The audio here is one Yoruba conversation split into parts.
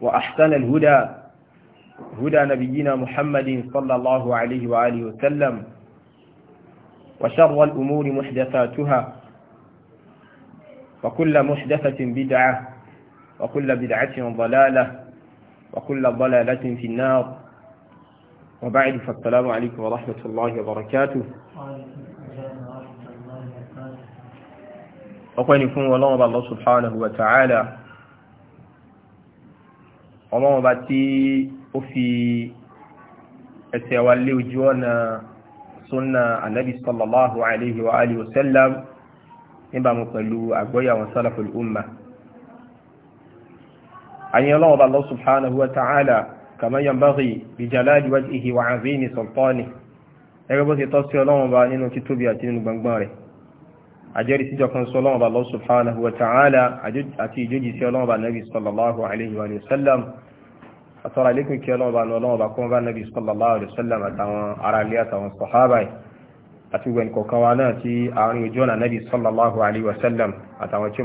وأحسن الهدى هدى نبينا محمد صلى الله عليه وآله وسلم وشر الأمور محدثاتها وكل محدثة بدعة وكل بدعة ضلالة وكل ضلالة في النار وبعد فالسلام عليكم ورحمة الله وبركاته أقول فون الله سبحانه وتعالى ọlọ́run ọba tí ó fi ẹsẹ̀ wa lé ojú ọ̀nà sunna anabi sallallahu alayhi wa alihi wa sallam níbàámu pẹ̀lú àgbọ́yé àwọn salaful umma àyìn ọlọ́run ọba Allah subhanahu wa ta'ala kama yanbaghi bi jalali wajhihi wa azimi sultanihi ẹgbẹ́ bó ti tọ́ sí ọlọ́run ọba nínú títóbi àti nínú gbangban rẹ̀ àjẹ́rìí síjọ kan sọ ọlọ́run bá lọ́sùn subhanahu wa ta'ala àti ìjójì sí ọlọ́run bá nàbí sallallahu alayhi wa sallam àtọ́rọ àlékún kí ọlọ́run bá ní ọlọ́run bá kọ́ bá nàbí sallallahu alayhi wa sallam àtàwọn ará ilé àtàwọn sọ̀hábà àti gbẹ̀n kọ̀ọ̀kan wa náà tí àárín ojú ọ̀nà nàbí sallallahu alayhi wa sallam àtàwọn tí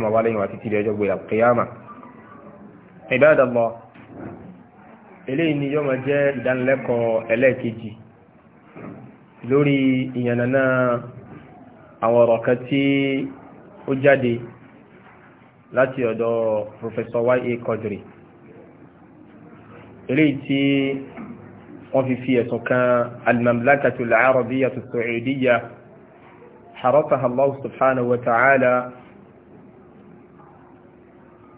ó àwọn ọ̀rọ̀ kan tí ó jáde láti ọ̀dọ̀ Professor Y.A. Quadri eléyìí tí wọ́n fi fi ẹ̀sùn kan al-Mamlakatu al-Arabiyyatu as-Saudiyyah harasaha Allah subhanahu wa ta'ala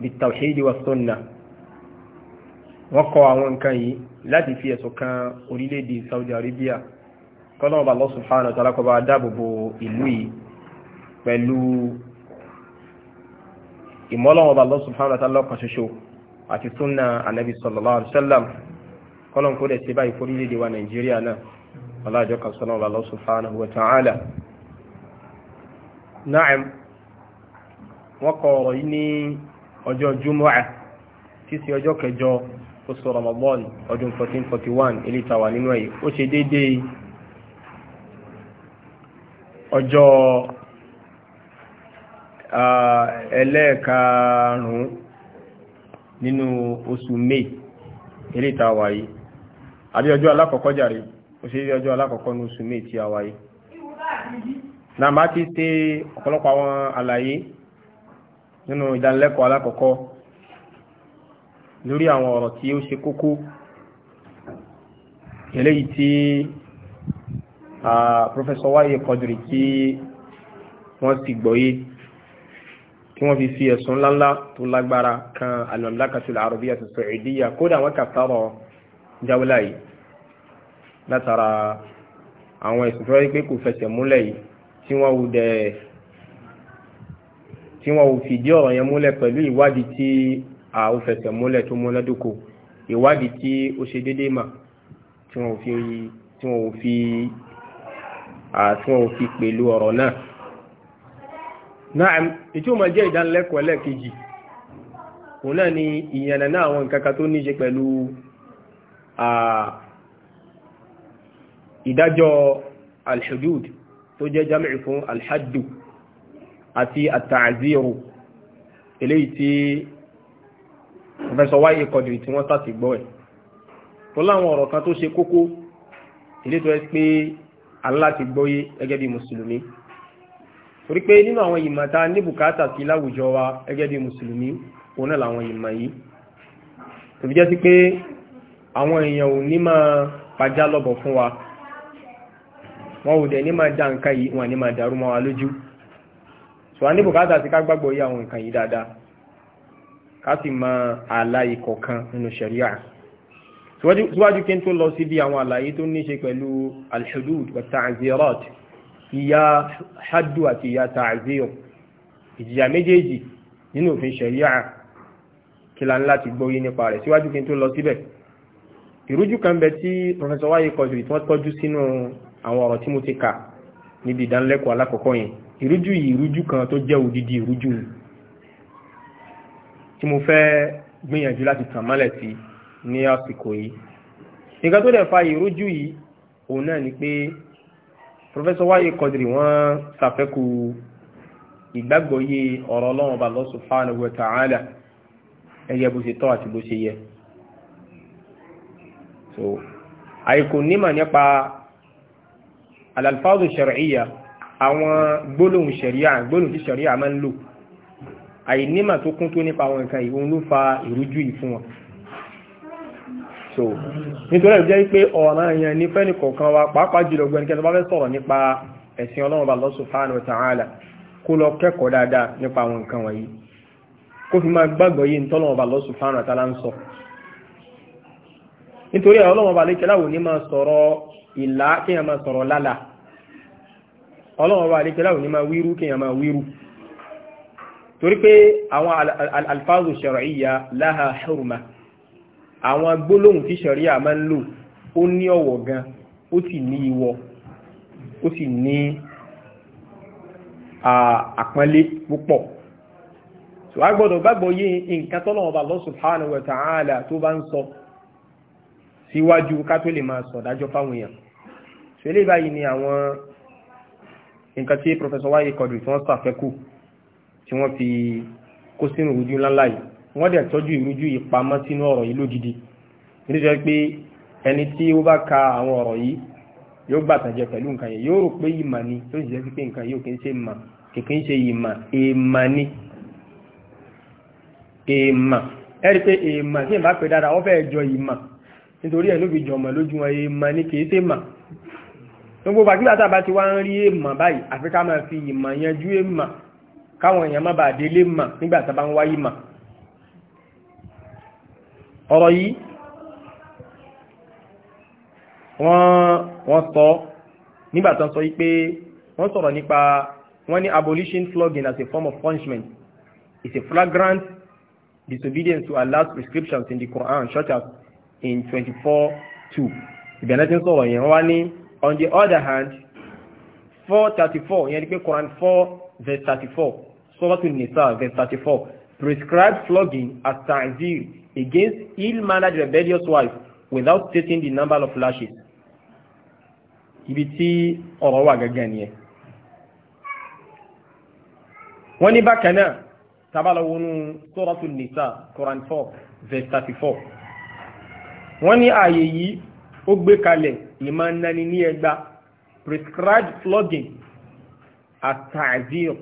bitawhidi wa sunna wọ́n kọ àwọn nǹkan yìí láti fi ẹ̀sùn kan orílẹ̀-èdè Saudi Arabia kọ́lọ́ọ̀bà Allah subhanahu wa ta'ala kó bá dáàbòbò ìlú yìí pẹ̀lú ìmọ́lọ́ọ̀bà Allah subhanahu wa ta'ala kan ṣoṣo àti súnà ànábì sallallahu alaihi wasallam kọ́lọ́ọ̀n kó dẹ̀ ṣe báyìí fórílẹ̀-èdè wa nàìjíríà náà ọlájọ́ kan sọ́lọ́ọ̀bà Allah subhanahu wa ta'ala na'am wọ́n kọ ọ̀rọ̀ yìí ní ọjọ́ jumu'a títí ọjọ́ kẹjọ oṣù Ramadan ọdún 1441 ilé ìtawà nínú ẹ̀yìn ó ṣe déédéé ọjọ́ ẹlẹ́ẹ̀karùn-ún nínú oṣù may ilé ìta wáyé àbí ọjọ́ alákọ̀ọ́kọ́ jàre ó ṣe ọjọ́ alákọ̀ọ́kọ́ ní oṣù may tí a wáyé náà máa ti ṣe ọ̀pọ̀lọpọ̀ àwọn àlàyé nínú ìdánilẹ́kọ̀ọ́ alákọ̀ọ́kọ́ lórí àwọn ọ̀rọ̀ tí ó ṣe kókó eléyìí tí professor wáyé kọdùrì tí wọ́n ti gbọ́yé tí wọ́n fi fi ẹ̀sùn ńláńlá tó lágbára kan al-Mamlakatul Arabiyyah as-Saudiyyah kódà wọ́n kàtàrọ̀ jáwélà yìí látara àwọn ẹ̀sùn tó rí pé kò fẹsẹ̀ múlẹ̀ yìí tí wọ́n wù dẹ̀ tí wọ́n wù fìdí ọ̀rọ̀ yẹn múlẹ̀ pẹ̀lú ìwádìí tí a ó fẹsẹ̀ múlẹ̀ tó múlẹ̀ dúkò ìwádìí tí ó ṣe déédéé mà tí wọ́n fi àti wọn fi pẹ̀lú ọ̀rọ̀ náà náà ètí ó máa jẹ́ ìdánilẹ́kọ̀ọ́ ẹlẹ́ẹ̀kejì òun náà ni ìyànnà náà àwọn nǹkan kan tó ní ṣe pẹ̀lú ìdájọ́ alhudud tó jẹ́ jami'i fún alhaddu àti àtàzírò eléyìí tí professor wáyé kọ̀dìrì tí wọ́n sá ti gbọ́ ẹ̀ tó láwọn ọ̀rọ̀ kan tó ṣe kókó ilé tó ẹ́ pé aláti gbọ́yé gẹ́gẹ́ bí mùsùlùmí torí pé nínú àwọn ìmọ̀ ta ní bùkátà sí láwùjọ wa gẹ́gẹ́ bí mùsùlùmí òun náà làwọn ìmọ̀ yìí tó fi jẹ́ sí pé àwọn èèyàn ò ní máa pàjá lọ́bọ̀ fún wa wọn ò dẹ̀ ní máa já nǹkan yìí wọn ní máa dàrú mọ́ wa lójú so a ní bùkátà sí ká gbàgbọ́ yí àwọn nǹkan yìí dáadáa ká sì mọ àlàyé kọ̀ọ̀kan nínú ṣẹ̀ríà síwájú kí n tó lọ síbi àwọn àlàyé tó ní ṣe pẹ̀lú alhudud wa ta'zirat ìyà haddu àti ìyà ta'zir ìjìyà méjèèjì nínú òfin ṣẹ̀ríà kílá ńlá ti gbóyé nípa rẹ̀ síwájú kí n tó lọ síbẹ̀ ìrújú kan bẹ tí professor wáyé kọjú tí wọ́n tọ́jú sínú àwọn ọ̀rọ̀ tí mo ti kà níbi ìdánilẹ́kọ̀ọ́ alákọ̀ọ́kọ́ yẹn ìrújú yìí ìrújú kan tó jẹ́ òdìdí ìrújú tí mo fẹ́ gbìyànjú láti tàn mọ́lẹ̀ sí ní àsìkò yìí nǹkan tó dẹ̀ fa ìrújú yìí òun náà ni pé Professor Wáyé Quadri wọ́n ṣàfẹ́kù ìgbàgbọ́yé ọ̀rọ̀ Ọlọ́run bá Allah subhanahu wa ta'ala ẹyẹ bó ṣe tọ́ àti bó ṣe yẹ so àìkò nímọ̀ nípa alalfáàdù ṣẹ̀ríyà àwọn gbólóhùn ṣẹ̀ríyà gbólóhùn tí ṣẹ̀ríyà máa ń lò àìnímọ̀ tó kún tó nípa àwọn nǹkan ìhun ló fa ìrújú yìí fún wọn so nítorí ìjẹ́ pé ọ̀ràn èèyàn ní fẹ́ni kọ̀ọ̀kan wa pàápàá jùlọ gbẹni kẹta bá fẹ́ sọ̀rọ̀ nípa ẹ̀sìn ọlọ́run bá lọ́sùn fáànù tààlà kó lọ kẹ́kọ̀ọ́ dáadáa nípa àwọn nǹkan wọ̀nyí kó fi máa gbàgbọ́ yìí tọ́lọ́run bá lọ́sùn fáànù tààlà ń sọ nítorí ọlọ́run bá lékẹ́ láwò ní máa sọ̀rọ̀ ìlà torí pé àwọn alfáàzù shar'iyya láha hurma àwọn gbólóhùn tí ṣàríà máa ń lò ó ní ọ̀wọ̀ gan ó sì ní ìwọ ó sì ní àpọ́nlé púpọ̀ so a gbọ́dọ̀ gbàgbọ́ yí nǹkan tọ́lọ́wọ́ bá Allah subhanahu wa ta'ala tó bá ń sọ síwájú ká tó lè máa sọ dájọ́ fáwọn èèyàn so eléyìí báyìí ni àwọn nǹkan tí Professor Wáyé Quadri tí wọ́n sàfẹ́kù tí wọ́n fi kó sínú ojú ńláńlá yìí wọ́n dẹ̀ tọ́jú ìrújú yìí pamọ́ sínú ọ̀rọ̀ yìí lódidi nítorí pé ẹni tí ó bá ka àwọn ọ̀rọ̀ yìí yóò gbàtàjẹ pẹ̀lú nǹkan yẹn yóò rò pé ìmà ni tó sì jẹ́ pípé nǹkan yóò kì í ṣe ìmà kìkì í ṣe ìmà èèmà ni èèmà ẹ rí i pé èèmà tí ìmà pè dára wọ́n fẹ́ẹ́ jọ ìmà nítorí ẹ̀ ló fi jọmọ̀ lójú wọn èèmà ni kì ṣe ìmà gbogbo bàtígbà tá bá ti wá ń rí èèmà báyìí àfi ká máa fi ìmà yanjú èèmà káwọn èèyàn má bàa délé mà nígbà tá a bá ń wá ìmà ọ̀rọ̀ yìí wọ́n sọ nígbàtán sọ wípé wọ́n sọ̀rọ̀ nípa wọ́n ní abolition flogging as a form of punishment is a flagrant disobedience to Allah's prescriptions in the Quran such as in 24:2 ìbẹ̀rẹ̀ tí ń sọ̀rọ̀ yẹn wá ní on the other hand 4:34 yẹn ni pé Quran 4:34, verse 34 Nisa verse 34 prescribed flogging as ta'zir against ill mannered rebellious wife without stating the number of lashes. ibi tí ọ̀rọ̀ wà gangan nìyẹn. wọ́n ní bákan náà tabalawonu suratul nisa quran 4 verse 34. four. wọ́n ní ààyè yìí ó gbé kalẹ̀ ìmọ̀ nani ní ẹgbàá prescribed flogging as ta'zir.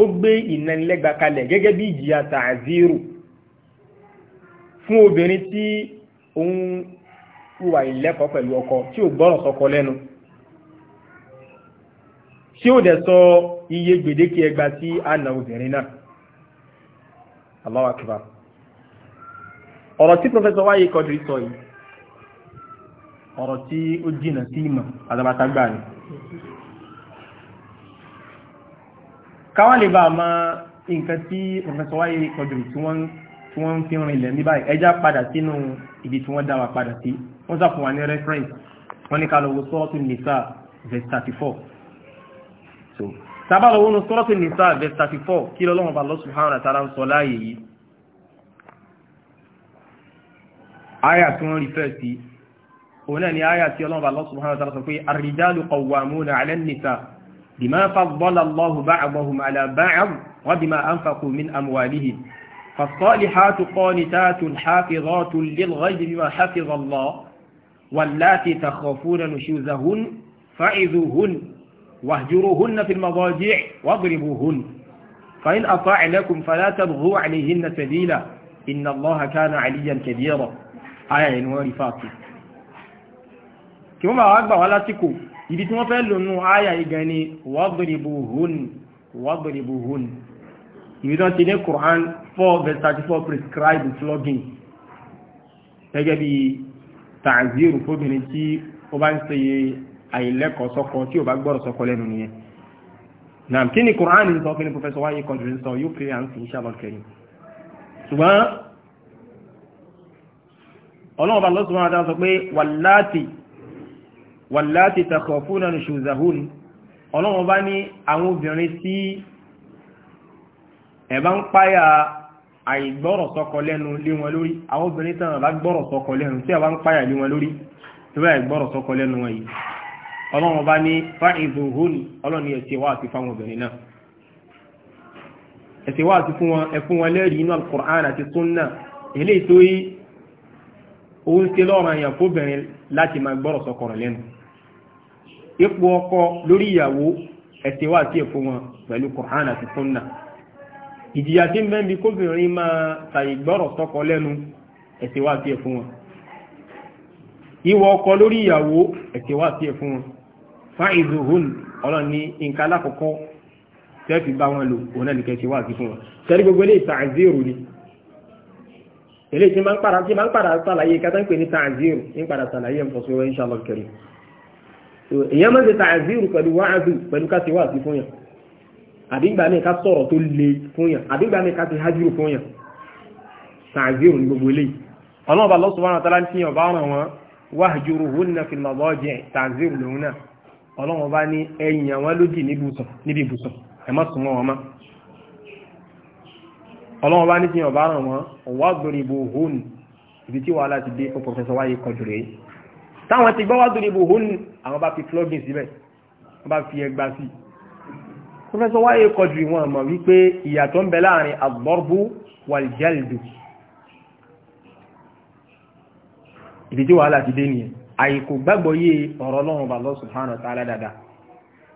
ó gbé ìnanilẹ́gba kalẹ̀ gẹ́gẹ́ bí ìjìyà tààzírù fún obìnrin tí òun wà ìlẹ́kọ̀ọ́ pẹ̀lú ọkọ tí ò gbọ́rọ̀ sọkọ lẹ́nu tí ó dẹ̀ sọ iye gbèdéke ẹgba tí a nà obìnrin náà ana ọ̀rọ̀ tí pọfẹ́sọ̀ wáyé kọdìrí sọ yìí ọ̀rọ̀ tí ó jìnà sí ìmọ̀ àtàbàtàgbà ni káwọn lè bá a mọ nǹkan tí professor wáyé kọjú tí wọ́n tí wọ́n fi rìn ilẹ̀ ní báyìí ẹja padà sínú ibi tí wọ́n dá wa padà sí wọ́n sàfún wa ní reference wọ́n ní ká lọ nìsà verse thirty four so sábà lọ wo nu nìsà verse thirty four kí lọ́lọ́wọ́n bá Allah subhanahu wa ta'ala ń sọ láàyè yìí àyà tí wọ́n rí fẹ́ sí òun náà ni àyà tí ọlọ́wọ́n bá Allah subhanahu wa sọ pé ar-rijalu qawwamuna nisa بما فضل الله بعضهم على بعض وبما أنفقوا من أموالهم فالصالحات قانتات حافظات للغيب بما حفظ الله واللاتي تخافون نشوزهن فعذوهن واهجروهن في المضاجع واضربوهن فإن أطاعنكم فلا تبغوا عليهن سبيلا إن الله كان عليا كبيرا آية نور فاطمة kí wọ́n bá wá gbà wá lásìkò ìdí tí wọ́n fẹ́ lò nù àyà igan ni wadribuhun wadribuhun ìwé tán ti ní Quran four verse thirty four prescribed flogging gẹ́gẹ́ bí tàzírù fóbìnrin tí ó bá ń ṣe àìlẹ́kọ̀ọ́ sọ́kọ tí ó bá gbọ́rọ̀ sọ́kọ lẹ́nu nìyẹn naam kí ni Quran ń sọ kí ni professor wáyé kọjú ń sọ yóò pray and finish about kẹrin ṣùgbọ́n ọlọ́run bá lọ́sùn wọn adá sọ pé wàláàtì wàláti takọ̀fúnà ṣùzàhún ọlọ́run bá ní àwọn obìnrin tí ẹ̀bá ń páyà àìgbọ́rọ̀ sọ́kọ lẹ́nu lé wọn lórí àwọn obìnrin tí wọ́n bá gbọ́rọ̀ sọ́kọ lẹ́nu tí ẹ̀bá ń páyà lé wọn lórí tí wọ́n àìgbọ́rọ̀ sọ́kọ lẹ́nu wọn yìí ọlọ́run bá ní fáìzòhún ọlọ́run ẹ ṣe wá àti fáwọn obìnrin náà ẹ wá àti fún wọn lẹ́rìí inú alukur'an àti sunna eléyìí tó yí lọ́rọ̀ àyàn fóbìnrin láti máa gbọ́rọ̀ sọ́kọ lẹ́nu ipò ọkọ lórí ìyàwó ẹ̀tẹ̀ wà tí èfó wọn pẹ̀lú Kùránì àti Sunnah ìjìyà tí ń bẹ́ẹ̀ bí kóbìnrin máa tàyè gbọ́rọ̀ sọ́kọ lẹ́nu ẹ̀tẹ̀ wà tí èfó wọn ìwọ ọkọ lórí ìyàwó ẹ̀tẹ̀ wà tí èfó wọn fáìzù hùn ọlọ́ni nǹkan alákọ̀ọ́kọ́ tẹ́ẹ̀fì bá wọn lò ilé tí máa ń padà ṣàlàyé kátà ń pè ní padà ṣàlàyé ń fọ́sọ́wọ́ èyàn mọ́ ṣe tààzírù pẹ̀lú wáàzù pẹ̀lú ká ti wà sí fún yàn àbígbà ní ká sọ̀rọ̀ tó le fún yàn àbígbà ní ká ti hájírù fún tààzírù ní gbogbo eléyìí ọlọ́run bá lọ́sùn wọn yàn bá ràn wọn wáàjúrù hún náà fi lọ́bọ́ jẹ tààzírù lòun náà ọlọ́run bá ní ẹ̀yìn àwọn lójì níbi ẹ̀ má sùn wọn bá ní yàn bá wọn wá gbòrìbò táwọn ti gbọ́wọ́ tó dìbò hún àwọn bá fi flogging síbẹ̀ wọ́n bá fi ẹgbà sí professor wáyé kọjú ìwọ̀n mọ̀ wípé ìyàtọ̀ ń bẹ láàrin àgbọ́rbú wàlìjẹ́lìdù ibi tí wàhálà ti dé nìyẹn àìkò gbàgbọ́ yé ọ̀rọ̀ Ọlọ́run bá Allah subhanahu wa ta'ala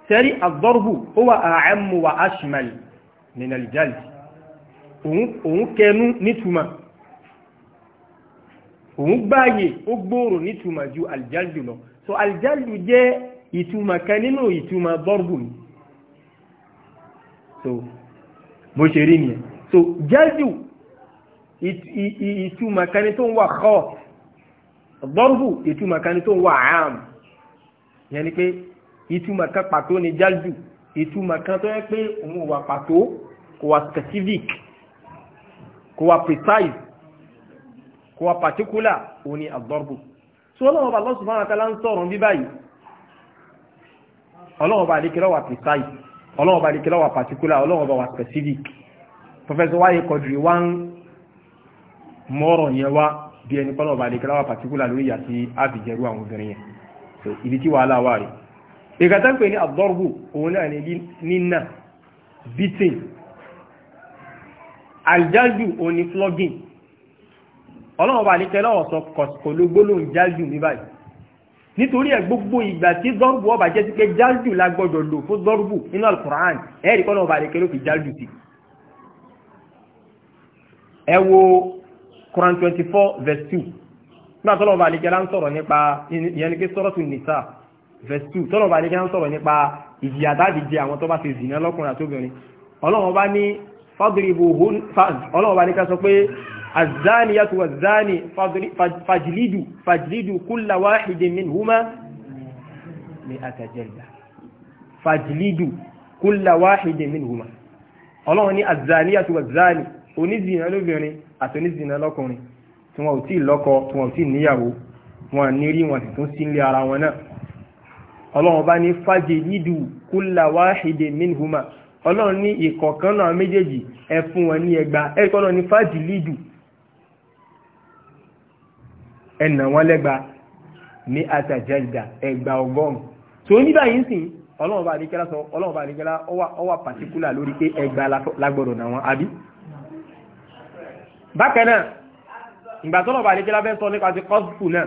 sẹ́rí àgbọ́rbù ó wà àmú wa ashmal nínú òun kẹnu nítumọ̀ òun gbáàyè ó gbòòrò nítumọ̀ ju aljaldu lọ so aljaldu jẹ́ ìtumọ̀ kan nínú ìtumọ̀ bọ́ọ̀bù ni so bó ṣe rí nìyẹn so jaldu ìtumọ̀ kan ní tó ń wà kọ́ bọ́ọ̀bù ìtumọ̀ kan ní tó ń wà ám yẹn ni pé ìtumọ̀ kan pàtó ni jaldu ìtumọ̀ kan tó yẹ pé òun wà pàtó kò wà specific kò wà precise kò wá pàtíkúlà òun ni àdọ́rùbù tí ọlọ́wọ́ bá lọ́sùn fún àtàlà ń sọ̀rọ̀ bí báyìí ọlọ́wọ́ bá àdékẹ́lọ́ wà precise ọlọ́wọ́ bá àdékẹ́lọ́ wà pàtíkúlà ọlọ́wọ́ bá wà specific professor wáyé kọjú wá ń mọ́rọ̀ yẹn wá bí ẹni pọ́lọ̀ bá àdékẹ́lọ́ wà pàtíkúlà lórí ìyà tí a fi jẹ́rú àwọn obìnrin yẹn so ibi tí wàhálà wà rèé ìgbàtà ń pè ní àdọ́rùbù òun náà ní nínà beating aljadu òun ni flogging ọlọ́run bá níkẹ́ lọ́wọ́ sọ kọ̀sìkòló gbólóhùn jáàjù ní báyìí nítorí ẹ gbogbo ìgbà tí dọ́rùbù ọba jẹ́ sí pé jáàjù la gbọ́dọ̀ lò fún dọ́rùbù nínú alukur'an ẹ̀rí kọ́ lọ́wọ́ bá níkẹ́ ló fi jáàjù sí. ẹ wo Quran twenty four verse two nígbà tọ́lọ́ bá níkẹ́ lá ń sọ̀rọ̀ nípa ìyẹn ni pé Suratu Nisa verse two tọ́lọ́ bá níkẹ́ lá ń sọ̀rọ̀ nípa ìjìyà táàdì jẹ àwọn tó bá ti zìnà lọ́kùnrin àti obìnrin ọlọ́run bá ní fadribuhun ọlọ́run bá níkẹ́ sọ pé الزانية والزاني فاجلدوا فاجلدوا كل واحد منهما مئة جلدة فاجلدوا كل واحد منهما ọlọ́run ní azaniyatu wazani onízìnà lóbìnrin àti onízìnà lọ́kùnrin tí wọn ò tí ì lọ́kọ tí wọn ò tí ì níyàwó wọn à ní rí wọn sì tún sí ilé ara wọn náà ọlọ́run bá ní fajilidu kulla wahide minhuma ọlọ́run ní ìkọ̀ọ̀kan náà méjèèjì ẹ fún wọn ní ẹgbàá ẹ̀kọ́ náà ní fajilidu ẹ̀nà wọn lẹ́gba ní àtàjẹ́dà ẹgbà ọgọ́rùn tó ní báyìí ń sìn ọlọ́run bá àdékẹ́lá sọ ọlọ́run bá àdékẹ́lá ọwà pàtíkúlà lórí pé ẹgbà lágbọ̀dọ̀ náà wọn àbí. bákan náà ìgbà tọ́lọ̀ bá àdékẹ́lá fẹ́ sọ nípa ti kọ́sùkù náà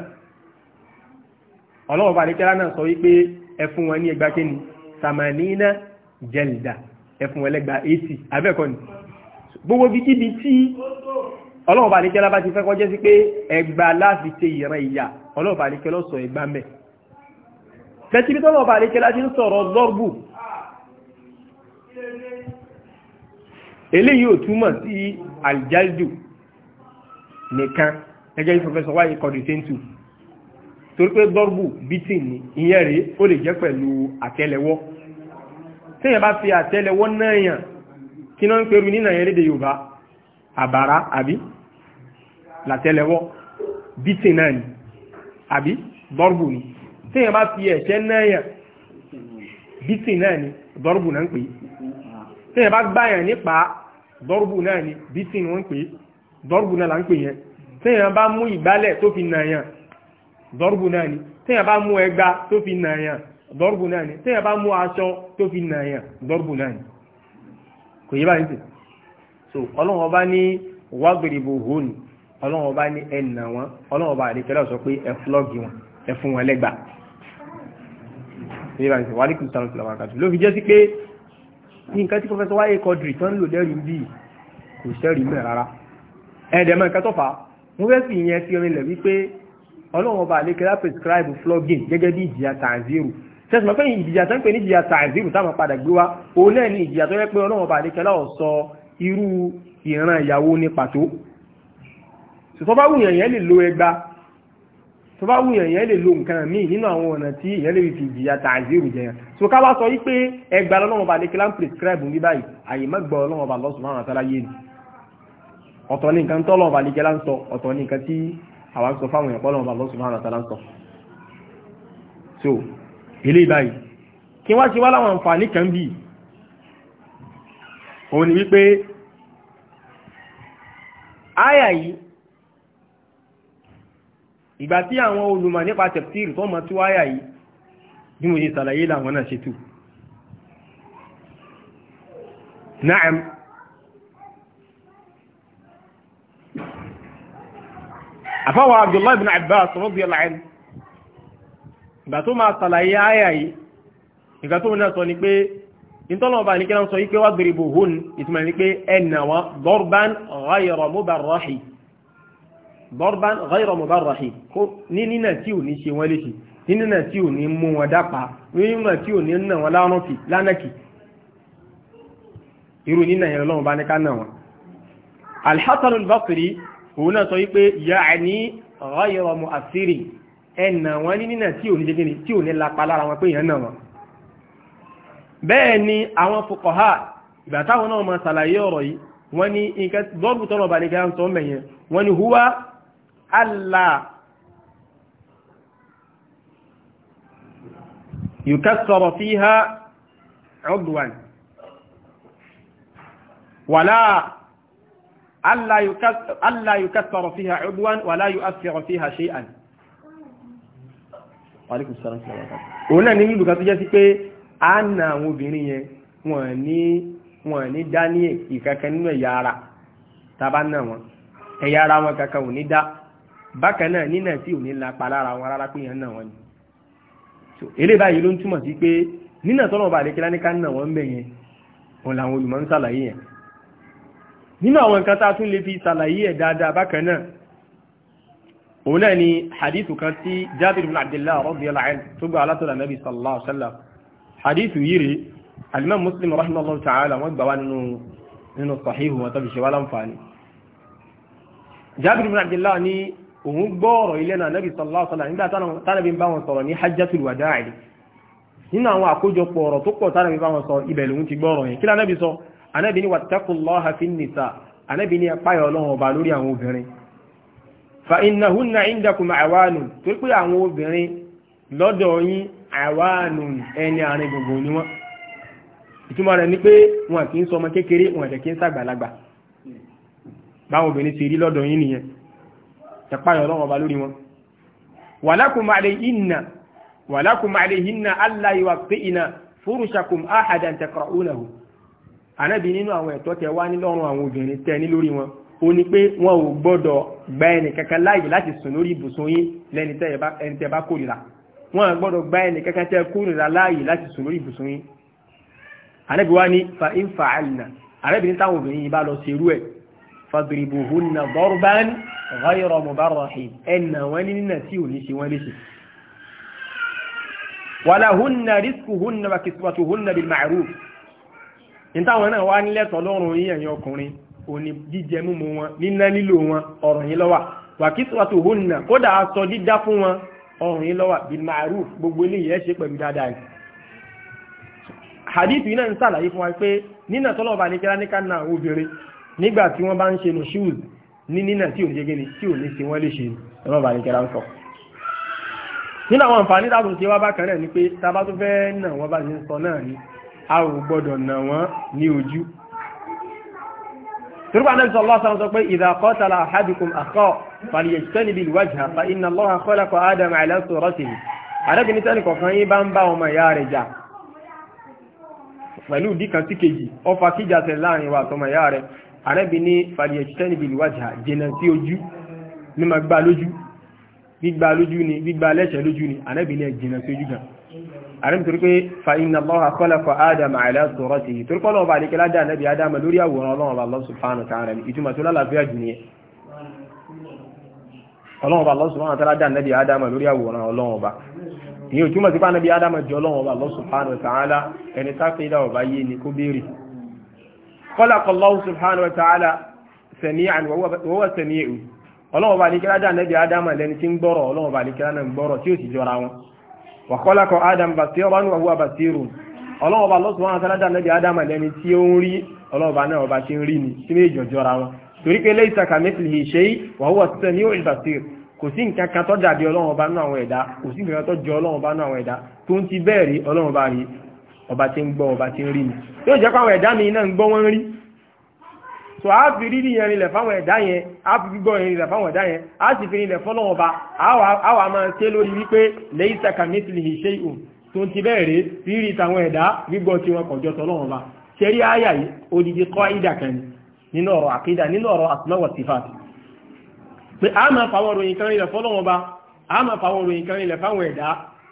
ọlọ́run bá àdékẹ́lá náà sọ wípé ẹ fún wọn ní ẹgbà kíni samanina jẹ́lìdà ẹ fún wọn ni gbogbo bíkíbi tí ọlọ́run bá nìkẹ́ lábá ti fẹ́ kọjẹ́ sí pé ẹgbà láti ṣe ìran ìyà ọlọ́run bá nìkẹ́ lọ́sọ̀ ẹgbà mẹ́ tẹ́tí bí tọ́lọ́run bá nìkẹ́ láti ń sọ̀rọ̀ lọ́rùbù eléyìí ò túmọ̀ sí àlìjáìdù nìkan gẹ́gẹ́ bí pọfẹ́sọ̀ wáyé kọ́dù tẹ́ǹtù torí pé lọ́rùbù bítì ni ìyẹn rèé ó lè jẹ́ pẹ̀lú àtẹ́lẹwọ́ téèyàn bá fi àtẹ́lẹwọ́ náà yàn kí náà ń perú nínà yẹn léde Yorùbá àbàrá àbí látẹ́lẹwọ́ bítì náà ni àbí dọ́rùbù ni tí èèyàn bá fi ẹ̀ṣẹ́ náà yàn bítì náà ni dọ́rùbù náà ń pè tí èèyàn bá gbáyàn nípa dọ́rùbù náà ni bítì ni wọ́n ń pè dọ́rùbù náà là ń pè yẹn tí èèyàn bá mú ìgbálẹ̀ tó fi nà yàn dọ́rùbù náà ni tí èèyàn bá mú ẹgbá tó fi nà yàn dọ́rùbù náà ni tí èèyàn bá mú aṣọ tó fi nà yàn dọ́rùbù náà ni kò yé báyìí so ọlọ́run ọba ní wàgbèrèbò hóun ọlọ́run ọba ní ẹnà wọn ọlọ́run ọba àdékẹ́lẹ́ sọ pé ẹ flọ́ọ̀gì wọn ẹ fún wọn lẹ́gbà ní ìbáraẹ̀sẹ̀ wà ní kìí sàrọ̀ tìlàwà kàtó ló fi jẹ́ sí pé nǹkan tí pọfẹ́sọ wáyé kọdìrì tán lò lẹ́rìí bí kò sẹ́rìí mẹ́ rárá ẹ̀ẹ́dẹ̀mọ́ nǹkan tó fà mo fẹ́ sì yẹn fi rinlẹ̀ wípé ọlọ́run ọba àlékẹ́lá prescribe flogging gẹ́gẹ́ bí ìjìyà tàǹzírù tẹ́sí mọ́ pé ìjìyà tó ń pè ní ìjìyà tàǹzírù táwọn padà gbé wa òun náà ni ìjìyà tó yẹ pé ọlọ́run ọba àlékẹ́lá ọ̀sọ́ irú ìran ìyàwó ní pàtó tó bá wùyàn yẹn lè lo ẹgba tó bá wùyàn yẹn lè lo nǹkan míì nínú àwọn ọ̀nà tí ìyẹn lè fi ìjìyà tààzírù jẹyàn so ká wá sọ yí pé ẹgba lọ́lọ́wọ́ prescribe ní báyìí àyè mẹ́gbà ọlọ́wọ́ bá lọ́sùn márùn àtàlá yé ni ọ̀tọ̀ ní nǹkan tọ́lọ́wọ́ bá lékelá ń sọ ọ̀tọ̀ ní nǹkan tí àwa ń sọ fáwọn èèyàn kí wá ṣe wá láwọn àǹfààní kan bíi òun ni wípé àyà yìí ìgbà tí àwọn olùmọ̀ nípa tẹ̀pítìrì tó mọ̀ tú àyà yìí bí mo ṣe ṣàlàyé làwọn náà ṣe tú na'am àfáwà abdullahi ibn abbas radiyallahu anhu ìgbà tó máa ṣàlàyé àyà ìtọ́lọ́ọ̀bà ní kí wọ́n sọ yí pé wá gbèrèbò hún ìtumọ̀ ní pé ẹnà wọn dọ́rbán ghayra mubarrahi dọ́rbán ghayra mubarrahi kó ní nínà tí ò ní ṣe wọ́n léṣe ní nínà tí ò ní mú wọn dápa ní nínà tí ò ní nà wọn lánàkì lánàkì irú nínà yẹn lọ́wọ́ bá ní ká nà wọn. al al-Basri òun náà sọ yí pé ya'ni ghayra mu'assiri ẹnà wọn ní nínà tí ò ní ṣe lára wọn pé yẹn nà wọn bẹ́ẹ̀ ni àwọn fuqaha ìgbà táwọn náà máa ṣàlàyé ọ̀rọ̀ yìí wọ́n ní nǹkan bọ́ọ̀bù tọ́lọ̀ bá nìkan sọ mẹ́yẹn wọ́n ní huwa alla yukassara fiha udwan wala alla yukassara fiha udwan jẹ́ sí pé á na àwọn obìnrin yẹn wọ́n ní wọ́n ní dá ní ìkankan nínú ẹ̀yà ara tàbá náà wọn ẹ̀yà ara wọn kankan ò ní dá bákan náà nínà tí ò ní lapa lára wọn rárá pé yẹn náà wọn ni eléyìí báyìí ló ń túmọ̀ sí pé nínà tọ́nà ọba àdékẹ́lá ní ká náà wọ́n bẹ̀ yẹn wọn làwọn olùmọ̀ ń ṣàlàyé yẹn nínú àwọn nǹkan tá a tún lè fi ṣàlàyé ẹ̀ dáadáa bákan náà òun náà ni hadithu kan tí Jabir ibn Abdullah radiyallahu anhu tó gba alátọ́lá nabi sallallahu alaihi wasallam hadith yìí rí alimam muslim rahimahullah ta'ala wọ́n gbà wá nínú nínú sahihu wọn tàbí ṣe wá láǹfààní jabir ibn abdullah ní òun gbọ́ọ̀rọ̀ ilé náà nabi sallallahu alaihi wasallam nígbà tánàbí bá wọn sọ̀rọ̀ ní hajjatul wada'i nínú àwọn àkójọpọ̀ ọ̀rọ̀ tó pọ̀ tánàbí bá wọn sọ ibẹ̀ lòun ti gbọ́ọ̀rọ̀ yẹn kí lánàbí sọ anábì ní wattaqullaha fin nisa anábì ní apáyọ ọlọ́run ọba lórí àwọn obìnrin fa innahunna indakum awanu torí pé àwọn obìnrin lọ́dọ̀ yín àwánù ẹni àárín gbogbo ni wọ́n ìtumọ̀ rẹ̀ ni pé wọn kì í sọ ọmọ kékeré wọn ẹ̀dẹ̀ kì í sàgbàlagbà báwọn obìnrin ti rí lọ́dọ̀ yín nìyẹn ẹ̀páyọ̀ ọlọ́wọ́ ọba lórí wọn walakum alayhinna walakum alayhinna alla yuwatti'na wọn gbọ́dọ̀ gba ẹni kankan tẹ́ kó nira láàyè láti sùn lórí ibùsùn yín ànábì wa ní fa in fa alina ànábì ní táwọn obìnrin yìí bá lọ ṣerú ẹ̀ fadribuhunna darban ghayra mubarrahin ẹnà wọn ní nínà tí ò ní ṣe wọn léṣe walahunna rizquhunna wa kiswatuhunna bil ma'ruf ní táwọn náà wá nílẹ̀tọ̀ lọ́rùn yín ẹ̀yin ọkùnrin òní jíjẹ mímu wọn níná lílo wọn ọ̀rọ̀ yín lọ́wà wa kiswatuhunna kódà aṣọ dídá fún wọn ọrùn yìí lọ́wà bil ma'ruf gbogbo eléyìí ẹ ṣe pẹ̀lú dáadáa ni hadith yìí náà ń sàlàyé fún wa pé nínà tọ́lọ̀ bá ní kíra níka náà àwọn obìnrin nígbà tí wọ́n bá ń ṣe nù shoes ní nínà tí ò ní gẹ́gẹ́ ni tí ò ní ṣe wọ́n lè ṣe ẹ̀rọ bá ní kíra ń sọ nínú àwọn àǹfààní táwọn ti wá bákan náà ni pé tá a bá tó fẹ́ nà wọ́n bá ṣe ń sọ náà ni a ò gbọ́dọ̀ nà wọ́n ní ojú torí pé anábìsọ̀ lọ́sàn sọ فليجتنب الوجه فإن الله خلق آدم على صورته arábìnrin tẹ́lì kọ̀kan yí bá ń bá ọmọ ìyá rẹ̀ jà pẹ̀lú díkan sí kejì ọfà kíjà tẹ̀ láàrin wa àtọmọ ìyá rẹ̀ arábìnrin فليجتنب الوجه jìnà sí ojú mímọ̀ gbá lójú فإن الله خلق آدم على صورته torí pọ́lọ̀ ọba àdékẹ́lá dá anábì ádámà lórí àwòrán ọlọ́run Allah subhanahu wa ta'ala ọlọ́run ọba Allah subhanahu wa ta'ala dá nẹ́bí ádámà lórí àwòrán ọlọ́run ọba ìyẹn òtúmọ̀ sí pánẹ́bí ádámà jọ ọlọ́run ọba Allah subhanahu wa ta'ala ẹni tápẹ́dà ọba yé ni kó béèrè khalaqallahu subhanahu wa ta'ala sami'an wa huwa sami'u ọlọ́run ọba àdìkẹ́lá dá nẹ́bí ádámà lẹni tí ń gbọ́rọ̀ ọlọ́run ọba àdìkẹ́lá náà ń gbọ́rọ̀ tí ó sì jọra wọn wa khalaqa ádámà basiran wa huwa basirun torí pé laysa kamithlihi shay wa huwa as-sami'ul basir kò sí nǹkan kan tó dàbí ọlọ́run ọba nú àwọn ẹ̀dá kò sí nǹkan tó jọ ọlọ́run ọba nú àwọn ẹ̀dá tó ń ti bẹ́ẹ̀ rí ọlọ́run ọba rí ọba tí ń gbọ́ ọba tí ń rí ni yóò jẹ́ pàwọn ẹ̀dá mi náà ń gbọ́ wọ́n rí so a fi rí yẹn rinlẹ̀ fáwọn ẹ̀dá yẹn a fi gbígbọ́ yẹn rinlẹ̀ fáwọn ẹ̀dá yẹn a sì fi rinlẹ̀ fọ́lọ́run ọba a wà máa ṣe lórí wípé laysa kamithlihi shay'un tó ti bẹ́ẹ̀ rí rírí tàwọn ẹ̀dá gbígbọ́ tí kọjọ́ tọ́lọ́run ọba ṣe rí àyà yìí odidi kọ́ ìdà nínú ọ̀rọ̀ àkídà nínú ọ̀rọ̀ àtúnáwà sífàtì pé a máa fàwọn òròyìn kan rinlẹ̀ fọ́lọ́wọ́n ba a máa fàwọn òròyìn kan rinlẹ̀ fáwọn ẹ̀dá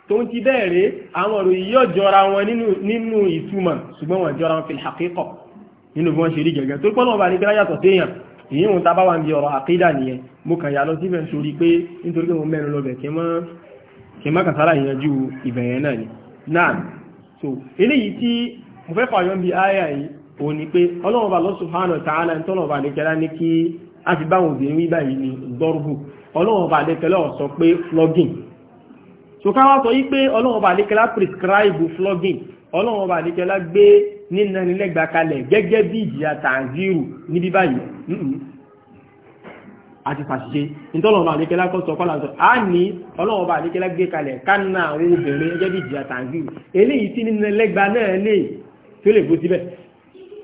tó ń ti bẹ́ẹ̀rẹ̀ àwọn òròyìn yóò jọra wọn nínú ìtumọ̀ ṣùgbọ́n wọn jọra wọn fi àkíkọ̀ nínú bí wọ́n ṣe rí gẹ̀gẹ́ tó pọ́nà ọba ní kí láyàtọ̀ séèyàn èyí wọn tá bá wà ń ọ̀rọ̀ àkídà nìyẹn mo kàn yà lọ síbẹ̀ nítorí pé nítorí pé mo mẹ́nu lọ́bẹ̀ kí n má kàn sára ìyanjú ìbẹ̀yẹn náà ni náà so eléyìí tí mo fẹ́ fààyàn bí áyà yìí òun ni pé ọlọ́wọ́ba Allah subhanahu wa ta'ala ń tọ́lọ̀wọ́ba ní kí a fi báwọn obìnrin wí báyìí ní dọ́rùbù ọba àdékẹ́lá sọ pé flogging so sọ yí pé ọlọ́wọ́ba àdékẹ́lá prescribe flogging ọlọ́wọ́ba àdékẹ́lá gbé nínanilẹ́gbà kalẹ̀ gẹ́gẹ́ bí ìjìyà tàǹzírù gbé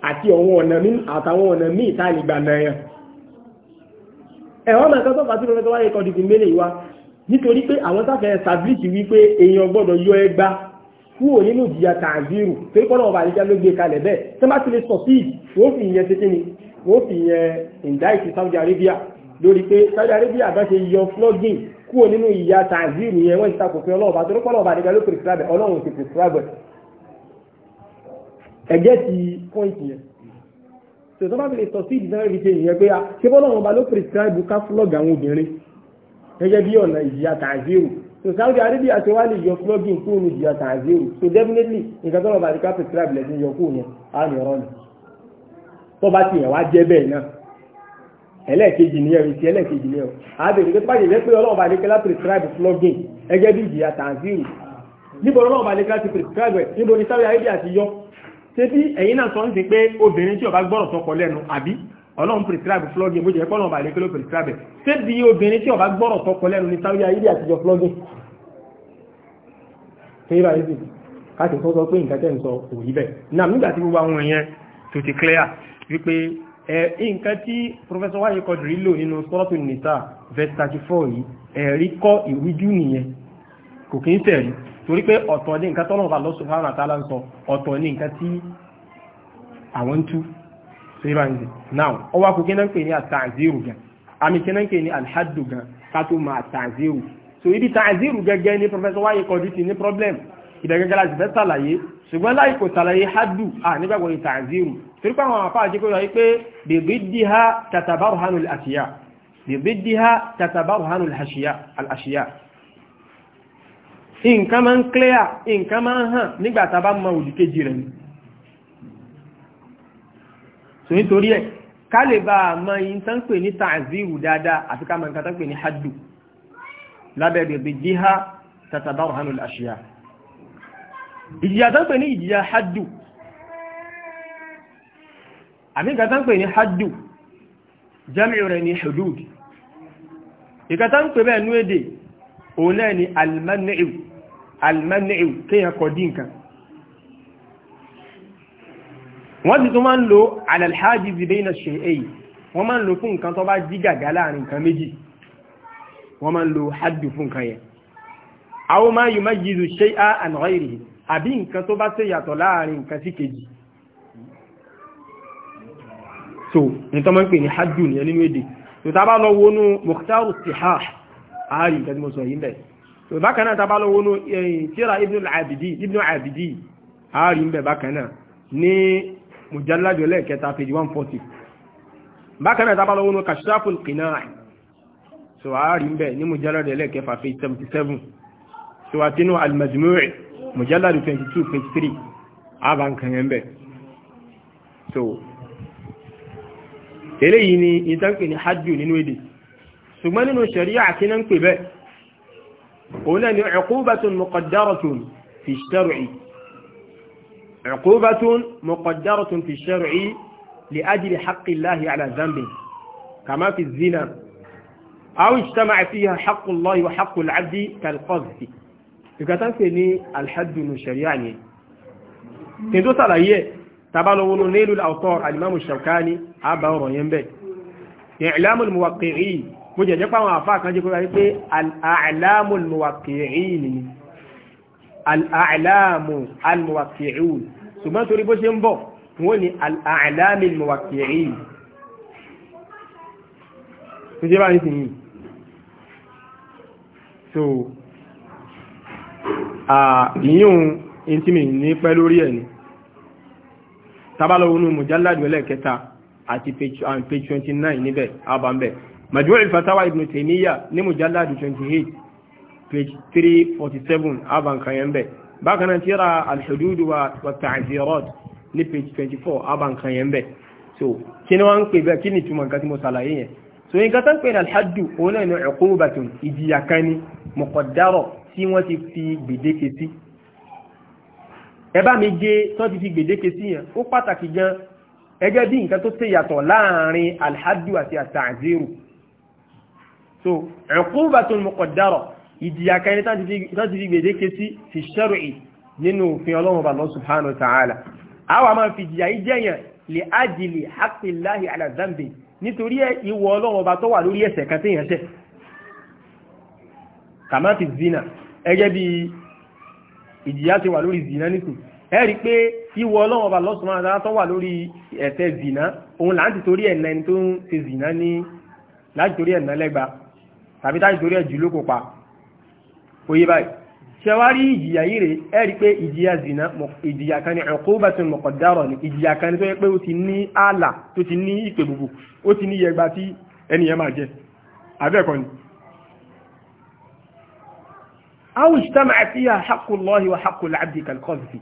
àti àwọn ọ̀nà míì àtàwọn ọ̀nà míì tá a lè gbà náà yàn ẹ̀wọ́n mẹ́ta tó fàtí lọ́wọ́ wáyé kọ́ dìtì mélè wa nítorí pé àwọn sáfẹ́ sàbíìsì wípé èèyàn gbọ́dọ̀ yọ ẹgbà kúrò nínú ìjìyà tààzírù tó kọ́ náà bàjẹ́ ló gbé e kalẹ̀ bẹ́ẹ̀ tó bá ti lè sọ sí wọ́n fi ìyẹn títí ni wọ́n fi ìyẹn ìndáìtì Saudi Arabia lórí pé Saudi Arabia bá ṣe yọ flogging kúrò nínú ìyà tààzírù yẹn wọ́n ti takò pé ọlọ́ọ̀bà tó kọ́ náà bàjẹ́ ló pèsè ẹ̀jẹ̀ ti pọ́ìntì yẹn tó tó bá fi lè sọ sí ìdí sáré fi ṣe ìyẹn pé ah, ṣé bọ́lá wọn bá ló prescribe ká flog àwọn obìnrin gẹ́gẹ́ bí ọ̀nà ìjìyà tàzírù so Saudi Arabia ti wá lè yọ flogging kúrò ní ìjìyà tàzírù so definitely nǹkan tó lọ bá lè ká prescribe lẹ́sìn yọ kúrò yẹn á ní ọ̀rọ̀ ni tó bá ti yẹn wá jẹ́ bẹ́ẹ̀ náà ẹlẹ́ẹ̀kejì ni ẹ̀rìn ti ẹlẹ́ẹ̀kejì ni ẹ̀rọ àbẹ̀rẹ̀ tó báyìí lẹ́pẹ́ ọlọ́ọ̀bà adékẹ́lá prescribe flogging ẹgẹ́ bí ìjìyà tanzil níbo ọlọ́ọ̀bà adékẹ́lá ti prescribe níbo ni sáré ayédè àti yọ tẹ́bí ẹ̀yìn náà sọ ń fi pé obìnrin tí ó bá gbọ́rọ̀ tọkọ lẹ́nu àbí ọlọ́run prescribe flogging bó jẹ́ pé ọlọ́run bá lè kélò prescribe tẹ́bí obìnrin tí ó bá gbọ́rọ̀ tọkọ lẹ́nu ní sáwí ayé àtijọ́ flogging fẹ́rà ìdí káti sọ sọ pé nǹkan tẹ́ ń sọ kò yí bẹ́ẹ̀ náà nígbà tí gbogbo àwọn èèyàn tó ti clear wípé nǹkan tí professor wáyé kọdùrí lò nínú sọ́ọ̀tù nìta verse 34 yìí ẹ̀rí kọ́ ìwíjú nìyẹn kò kí ń tẹ̀rí torí pé ọ̀tọ̀ ní nǹkan tọ́lọ̀ bá Allah subhanahu wa ta'ala ń sọ ọ̀tọ̀ ní nǹkan tí àwọn ń tú sí bá ń dì náà ó wá kú kí náà ń pè ní àtàzírù gan àmì kí náà ń pè ní alhaddu gan ká tó máa tàzírù so ibi tàzírù gẹ́gẹ́ ní Professor Wáyé kọjú ti ní problem ìdẹ́gẹ́gẹ́ láti fẹ́ sàlàyé ṣùgbọ́n láì kò sàlàyé haddu à nígbàgbọ́ ní tàzírù torí pé àwọn àpá àjẹkọ́ yọ pé bididdiha tatabaruhanu al-ashiya bididdiha tatabaruhanu al-ashiya nǹkan máa ń clear nǹkan máa ń hàn nígbàtà bá mọ òdìkejì rẹ̀ ni so nítorí ẹ̀ ká lè bá a mọ yìí tán pè ní tàzíwù dáadáa àti ká mọ nǹkan tán pè ní haddu lábẹ́rẹ̀ bí jíhá tàtàbáwò hánú àṣíyà òun náà ni almaniu almaniu kéèyàn kọ dín nǹkan wọ́n ti tún máa ń lo alalhaji zibaina ṣe'eyi wọ́n máa ń lo fún nǹkan tó bá jí gàgà láàrin nǹkan méjì wọ́n máa ń lo haddu fún nǹkan yẹn àwọn máa yìí máa yìí ṣe á ànàrà ìrì àbí nǹkan tó bá ṣe yàtọ̀ láàrin nǹkan sí kejì so ní ń pè ní haddu nìyẹn nínú èdè tó tá lọ wọnú mukhtaru sihah ààrí nǹkan tí mo sọ yìí bẹ̀ tó bákan náà tábà lọ wọnú tíra ibnu abidi ibnu abidi ààrí ń bẹ̀ bákan náà ní mujalladu page one forty bakana náà tábà lọ wọnú kashaful qinaa so ààrí ń bẹ̀ ní mujalladu lẹ́ẹ̀kẹfà page seventy seven so àtinú al mujalla mujalladu twenty two page three àbá nǹkan yẹn bẹ̀ so eléyìí ni ìtànkì ni hajj nínú èdè ṣùgbọ́n nínú ṣẹ̀ríà àkínà ń pè bẹ́ẹ̀ òun náà ni uqubatun muqaddaratun fi shar'i uqubatun muqaddaratun fi shar'i li ajli haqqi Allahi ala dhanbi kama fi zina aw ijtama'a fiha haqqu Allahi wa haqqu al-'abdi kal-qadhfi ìgbàtà ń pè ní al-haddu nínú kí n tó sàlàyé ẹ̀ nílùú al-awtar al-imam ash-Shawkani àbá mo jẹ̀jẹ́ páwọn àfá kan jẹ́ kọ́ra wípé al'a'lamu al-muwaqqi'in ni al'a'lamu al-muwaqqi'un ṣùgbọ́n torí bó ṣe ń bọ̀ wọ́n ni al'a'lamu al-muwaqqi'in tó jẹ́ bá ní sí yìí mujalladu ẹlẹ́kẹta àti page 29 níbẹ̀ abambẹ̀ majmu'ul fatawa ibn taymiya ní mujalladu eight, page three forty seven, aban kanyembe bákan náà al-hudud wa at-ta'zirat page twenty four, aban kanyembe so kí ni wọ́n ń pè bẹ́ẹ̀ so nǹkan tó ń pè ní alhaddu òun náà ní uqubatun si kan ní muqaddara tí wọ́n ti fi gbèdéke sí ẹ bá mi gé tó ti fi gbèdéke sí yẹn ó pàtàkì gan ẹgẹ́ bí nǹkan tó ṣe yàtọ̀ láàrin alhaddu àti at so uqubatun muqaddara ìdìyà kan ní láti fi gbèdéke sí fi shar'i nínú òfin ọlọ́run ọba Allah subhanahu wa ta'ala àwa máa fi ìdìyà yìí jẹ́yàn li ajli haqqillahi ala dhanbi nítorí ìwọ ọlọ́run ọba tó wà lórí ẹ̀ṣẹ̀ kan téèyàn ṣẹ̀ kàmá fi zina ẹgẹ́ bí ìjìyà ti wà lórí zina nìkú ẹ rí i pé ìwọ ọlọ́run ọba Allah subhanahu wa tó wà lórí ẹ̀ṣẹ̀ zina òun là torí ẹ̀ náà ẹni tó ń ṣe zina ní láti torí ẹ̀ náà lẹ́gbàá tàbí táyì torí ẹ̀jù ló kò pa oyé báyìí ṣẹwárí ìjìyà yìí rè ẹ́ rí pé ìjìyà zina ìjìyà kan ní uqubatun muqaddara ní ìjìyà kan ní tó yẹ pé ó ti ní ààlà tó ti ní ìpè gbogbo ó ti ní yẹgba tí ẹnìyẹn máa jẹ abẹ́ẹ̀kọ́ ni. aw ijtama'a fiha haqqu Allahi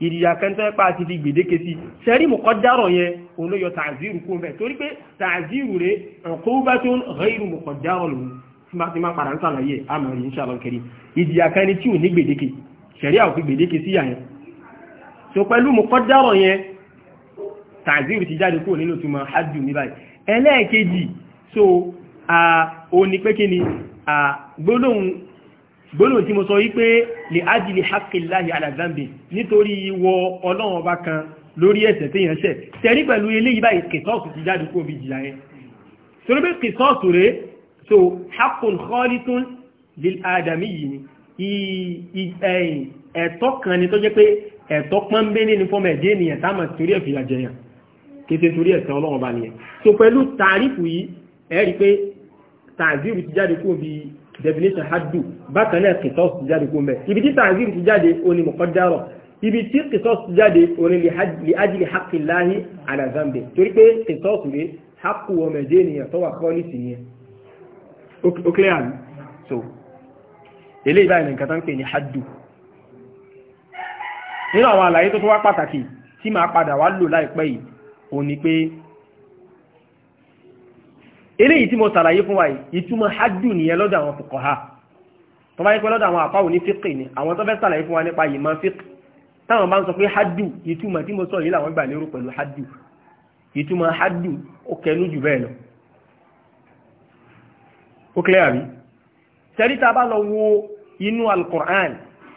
ìdìyà kẹntẹ́ pa ti fi gbèdéke sí sẹ́rí mọ̀kọ́dárọ̀ yẹn òun ló yọ tààzírù kó bẹ́ẹ̀ torí pé tààzírù rẹ̀ ọ̀kọ́wúbá tó ń rẹ́rù mọ̀kọ́dárọ̀ lòun tí máa ti máa padà ń sàlàyé àmọ́ insha Allah kẹrì ìdìyà kan ni tí ò ní gbèdéke sẹ́rí àwọn fi gbèdéke sí yà yẹn so pẹ̀lú mọ̀kọ́dárọ̀ yẹn tààzírù ti jáde kó nínú túmọ̀ hajj ní báyìí ẹlẹ́ẹ̀kejì so òun ni pé kí ni gbólóhùn gbólóhùn tí mo sọ wípé lè ájìlè hákìláyà àlàzàmbè nítorí ìwọ ọlọ́run ọba kan lórí ẹ̀ṣẹ̀ tí yẹn ṣẹ̀ tẹ̀rí pẹ̀lú eléyìí báyìí kìtọ́ọ̀sù ti jáde kó bí jìyà yẹn torí pé kìtọ́ọ̀sù rẹ̀ so hakun kọ́lítún lil adami yìí ni ẹ̀tọ́ kan ni tó jẹ́ pé ẹ̀tọ́ pọ́nbélé ni fọ́mọ̀ ẹ̀dẹ́ ènìyàn táàmà torí ẹ̀fìyà jẹyàn kété torí ẹ̀tọ́ ọlọ́run ọba nìyẹn so pẹ̀lú tàrífù yìí ẹ̀rí pé tàzírù ti jáde kó bí definition haddu bákan náà kìtọ́sù ti jáde kún bẹ̀ ibi tí tààzírù ti jáde ó ní mọ̀kọ́dárọ̀ ibi tí kìtọ́sù ti jáde ó ní li ajli haqqillahi ala zambi torí pé kìtọ́sù rẹ̀ haqqu ọmọ ẹ̀jẹ̀ ènìyàn tó wà kọ́ọ̀lì sí ni ó clear àmì so eléyìí báyìí nìkan tó ń pè ní haddu nínú àwọn àlàyé tó tó wá pàtàkì tí màá padà wá lò láìpẹ́ yìí ó ní pé eléyìí tí mo ṣàlàyé fún wa yìí ìtumọ̀ haddu nìyẹn lọ́dọ̀ àwọn fuqaha tó bá yẹ pé lọ́dọ̀ àwọn àpá òní fíkì ni àwọn tó fẹ́ sàlàyé fún wa nípa ìmọ̀ fíkì táwọn bá ń sọ pé haddu ìtumọ̀ tí mo sọ yìí làwọn gbà lérò pẹ̀lú haddu ìtumọ̀ haddu ó kẹnu jù bẹ́ẹ̀ lọ ó clear rí sẹ́rí tá bá lọ wo inú al